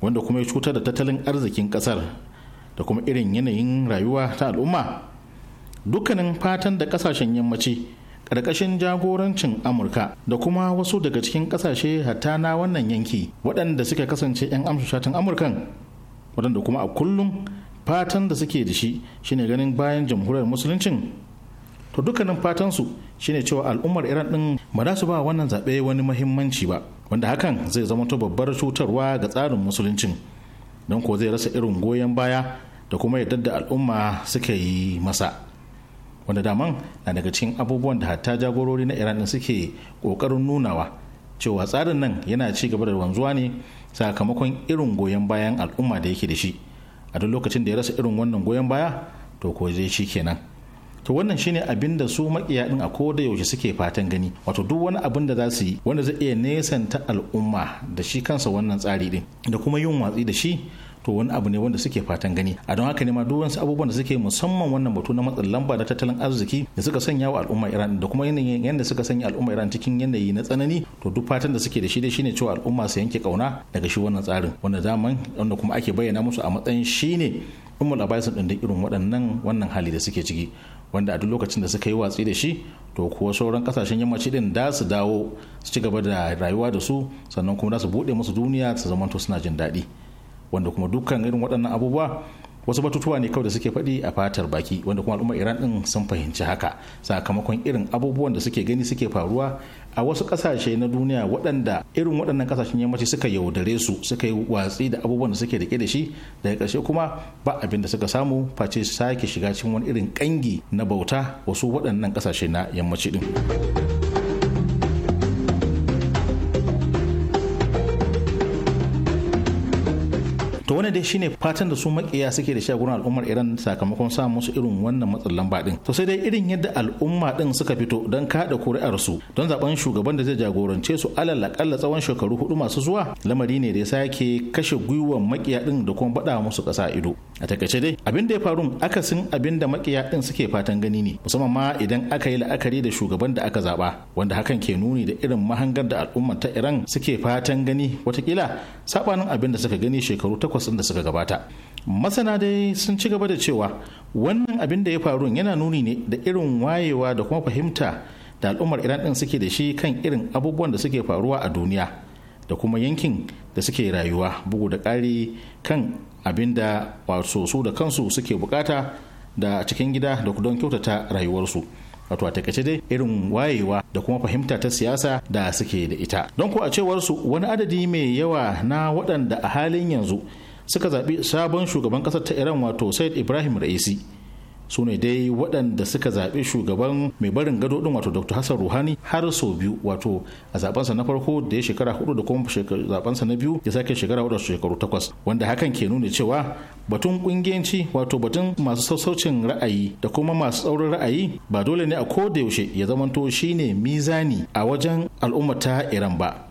wanda kuma ya cutar da tattalin arzikin ƙasar da kuma irin yanayin rayuwa ta al'umma dukkanin fatan da ƙasashen yammaci karkashin jagorancin amurka da kuma wasu daga cikin kasashe hatta na wannan yanki waɗanda suka kasance 'yan amshatin amurkan waɗanda kuma a kullum fatan da suke da shi shine ganin bayan jamhuriyar musuluncin to dukkanin fatan su shine cewa al'ummar iran din ba za su ba wannan zaɓe wani mahimmanci ba wanda hakan zai zama to babbar cutarwa ga tsarin musuluncin don ko zai rasa irin goyon baya da kuma yadda da al'umma suka yi masa wanda daman na daga cikin abubuwan da hatta jagorori na iran suke kokarin nunawa cewa tsarin nan yana ci gaba da wanzuwa ne sakamakon irin goyon bayan al'umma da yake da shi a duk lokacin da ya rasa irin wannan goyon baya to ko zai shi kenan to wannan shine abin da su makiya din a da yaushe suke fatan gani wato duk wani abin da za su yi wanda zai iya nesanta al'umma da shi kansa wannan tsari din da kuma yin watsi da shi to wani abu ne wanda suke fatan gani a don haka ne ma duk wasu abubuwan da suke musamman wannan batu na matsin lamba da tattalin arziki da suka sanya wa al'umma Iran da kuma yanayin yadda suka sanya al'umma Iran cikin yanayi na tsanani to duk fatan da suke da shi dai shine cewa al'umma su yanke kauna daga shi wannan tsarin wanda zaman wanda kuma ake bayyana musu a matsayin shine ummul abaisin din da irin waɗannan wannan hali da suke ciki wanda a duk lokacin da suka yi watsi da shi to kuwa sauran kasashen yammaci din da su dawo su ci gaba da rayuwa da su sannan kuma za su buɗe musu duniya su zamanto suna jin daɗi wanda kuma dukkan irin waɗannan abubuwa wasu batutuwa ne kawai da suke faɗi a fatar baki wanda kuma al'ummar iran din sun fahimci haka sakamakon irin abubuwan da suke gani suke faruwa a wasu ƙasashe na duniya waɗanda irin waɗannan ƙasashen yammaci suka yaudare su suka yi watsi da abubuwan da suke rike da shi daga ƙarshe kuma ba abin da suka samu face sake shiga cikin wani irin ƙangi na bauta wasu waɗannan ƙasashe na yammaci din. to wani dai shine fatan da su makiya suke da shi a gurin al'ummar iran sakamakon samun musu irin wannan matsin lamba din to sai dai irin yadda al'umma din suka fito don kada kuri'ar su don zaben shugaban da zai jagorance su alal akalla tsawon shekaru hudu masu zuwa lamari ne da ya sake kashe gwiwar makiya din da kuma bada musu kasa ido a takaice dai abin da ya faru akasin abin da makiya din suke fatan gani ne musamman ma idan aka yi la'akari da shugaban da aka zaba wanda hakan ke nuni da irin mahangar da al'ummar ta iran suke fatan gani watakila sabanin abin da suka gani shekaru takwas takwas da suka gabata masana dai sun ci gaba da cewa wannan abin da ya faru yana nuni ne da irin wayewa da kuma fahimta da al'ummar iran ɗin suke da shi kan irin abubuwan da suke faruwa a duniya da kuma yankin da suke rayuwa bugu da ƙari kan abin da wato su da kansu suke bukata da cikin gida da don kyautata rayuwarsu wato a takaice dai irin wayewa da kuma fahimta ta siyasa da suke da ita don ko a cewar su wani adadi mai yawa na waɗanda a halin yanzu suka zaɓi sabon shugaban ƙasar ta iran wato said ibrahim ra'isi su ne dai waɗanda suka zaɓi shugaban mai barin gado ɗin wato dr hassan ruhani har sau biyu wato a zaɓensa na farko da ya shekara hudu da kuma zaɓensa na biyu ya sake shekara hudu shekaru takwas wanda hakan ke nuna cewa batun ƙungiyanci wato batun masu sassaucin ra'ayi da kuma masu tsaurin ra'ayi ba dole ne a ko da yaushe ya zamanto shine mizani a wajen al'ummar ta iran ba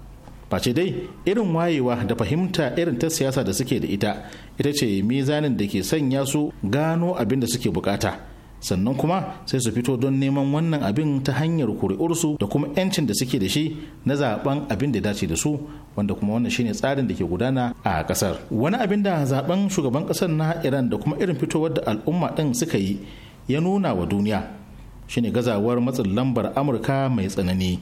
face dai irin wayewa da fahimta irin ta siyasa da suke da ita ita ce mizanin da ke sanya su gano abin da suke bukata sannan kuma sai su fito don neman wannan abin ta hanyar kuri'ursu da kuma 'yancin da suke da shi na zaben abin da dace da su wanda kuma wannan shine tsarin da ke gudana a kasar wani abin da zaben shugaban kasar na iran da kuma irin fitowar da al'umma din suka yi ya nuna wa duniya shine gazawar matsin lambar amurka mai tsanani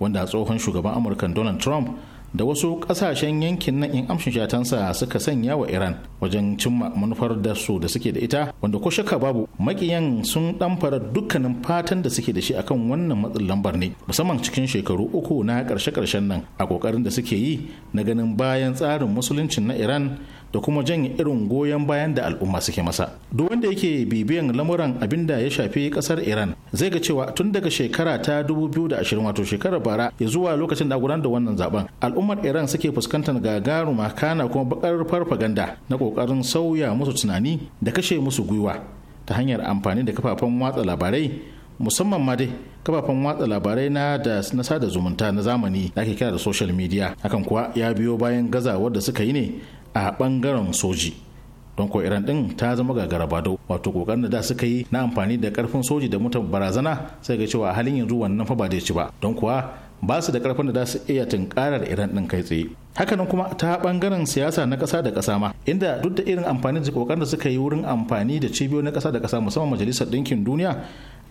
wanda tsohon shugaban amurka donald trump da wasu kasashen yankin nan in amshin shatansa suka sanya wa iran wajen cimma manufar da su da suke da ita wanda ko shakka babu makiyan sun damfara dukkanin fatan da suke da shi akan wannan matsin lambar ne musamman cikin shekaru uku na karshe karshen nan a kokarin da suke yi na ganin bayan tsarin musuluncin na iran da kuma jan irin goyon bayan da al'umma suke masa duk wanda yake bibiyan lamuran abin da ya shafi kasar iran zai ga cewa tun daga shekara ta 2020 wato shekarar bara ya zuwa lokacin da gudanar da wannan zaben al'ummar iran suke fuskantar gagaruma kana kuma bakar farfaganda na kokarin sauya musu tunani da kashe musu gwiwa ta hanyar amfani da kafafen watsa labarai musamman ma dai kafafen watsa labarai na da na sada zumunta na zamani da ake kira da social media hakan kuwa ya biyo bayan gazawar da suka yi ne a bangaren soji don ko iran din ta zama gagara bado wato kokarin da suka yi na amfani da karfin soji da mutan barazana sai ga cewa a halin yanzu wannan fa ba da ci ba don kuwa ba su da karfin da su iya tunkarar iran din kai tsaye hakanan kuma ta bangaren siyasa na kasa da kasa ma inda duk da irin amfani da kokarin da suka yi wurin amfani da cibiyoyi na kasa da kasa musamman majalisar ɗinkin duniya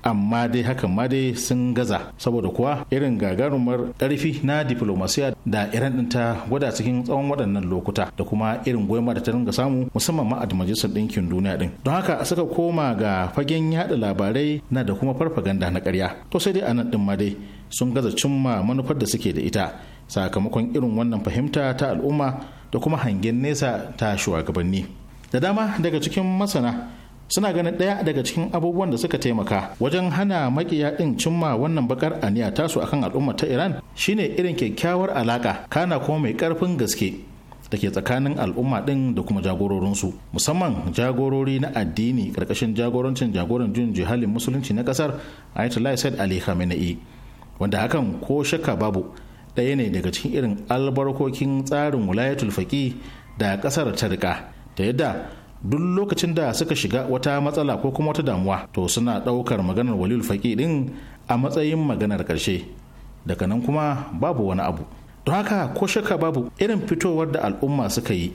amma dai hakan ma dai sun gaza saboda kuwa irin gagarumar ƙarfi na diplomasiya da iran din ta gwada cikin tsawon waɗannan lokuta da kuma irin goyon da ta ringa samu musamman ma a majalisar ɗinkin duniya din don haka suka koma ga fagen yaɗa labarai na da kuma farfaganda na ƙarya to sai dai a nan din ma dai sun gaza cimma manufar da suke da ita sakamakon irin wannan fahimta ta al'umma da kuma hangen nesa ta shugabanni da dama daga cikin masana suna ganin ɗaya daga cikin abubuwan da suka taimaka wajen hana makiya ɗin cimma wannan bakar aniya tasu akan al'umma ta iran shine irin kyakkyawar alaka kana kuma mai ƙarfin gaske da ke tsakanin al'umma ɗin da kuma jagororinsu musamman jagorori na addini ƙarƙashin jagorancin jagoran jin jihalin musulunci na ƙasar ayatollah said ali khamenei wanda hakan ko shakka babu ɗaya ne daga cikin irin albarkokin tsarin wulayatul faƙi da ƙasar ta riƙa ta yadda duk lokacin da suka shiga wata matsala ko kuma wata damuwa to suna ɗaukar maganar walil faƙi ɗin a matsayin maganar ƙarshe daga nan kuma babu wani abu don haka ko shakka babu irin fitowar da al'umma suka yi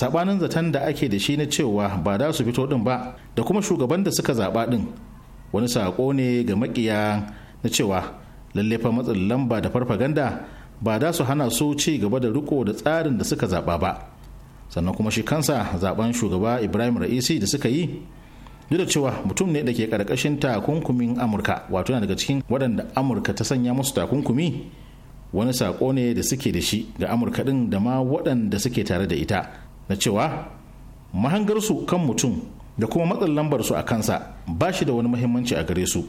saɓanin zaton da ake da shi na cewa ba da su fito ɗin ba da kuma shugaban da suka zaɓa ɗin wani saƙo ne ga maƙiya na cewa lalle fa matsin lamba da farfaganda ba da su hana su ci gaba da riko da tsarin da suka zaɓa ba sannan kuma shi kansa zaben shugaba ibrahim ra'isi da suka yi duk da cewa mutum ne da ke karkashin takunkumin amurka wato yana daga cikin waɗanda amurka ta sanya musu takunkumi wani sako ne da suke da shi ga amurka ɗin da ma waɗanda suke tare da ita na cewa mahangarsu kan mutum da kuma matsin lambarsu a kansa ba shi da wani muhimmanci a gare su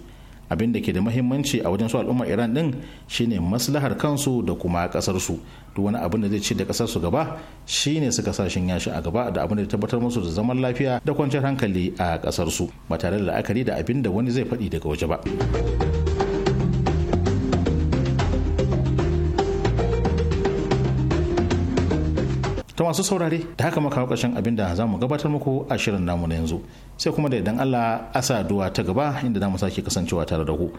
abin da ke da mahimmanci a wajen su al'ummar iran din shine maslahar kansu da kuma kasar su duk wani abin da zai ci da kasar su gaba shine suka sa shin yashi a gaba da abin da tabbatar musu da zaman lafiya da kwanciyar hankali a kasar su ba tare da la'akari da abin da wani zai faɗi daga waje ba. masu saurare da haka maka ƙarshen abin da za mu gabatar muku a shirin namu na yanzu sai kuma da idan Allah asa duwa ta gaba inda za mu sake kasancewa tare da ku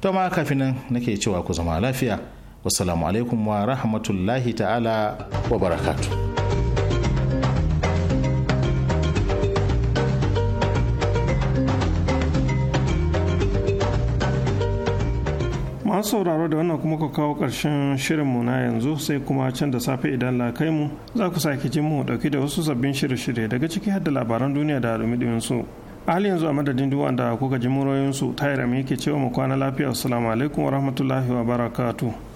to ma kafin nan nake cewa ku zama lafiya wassalamu alaikum wa rahmatullahi ta'ala wa barakatuh an sauraro da wannan kuma ka kawo ƙarshen shirinmu na yanzu sai kuma can da safe idan lakai mu za ku sake jin mu dauki da wasu sabbin shirye-shirye daga ciki har da labaran duniya da alumidin su a hali yanzu a madadin duwan da kuka ji su tayar ke cewa mu kwana lafiya assalamu alaikum wa rahmatullahi wa barakatu.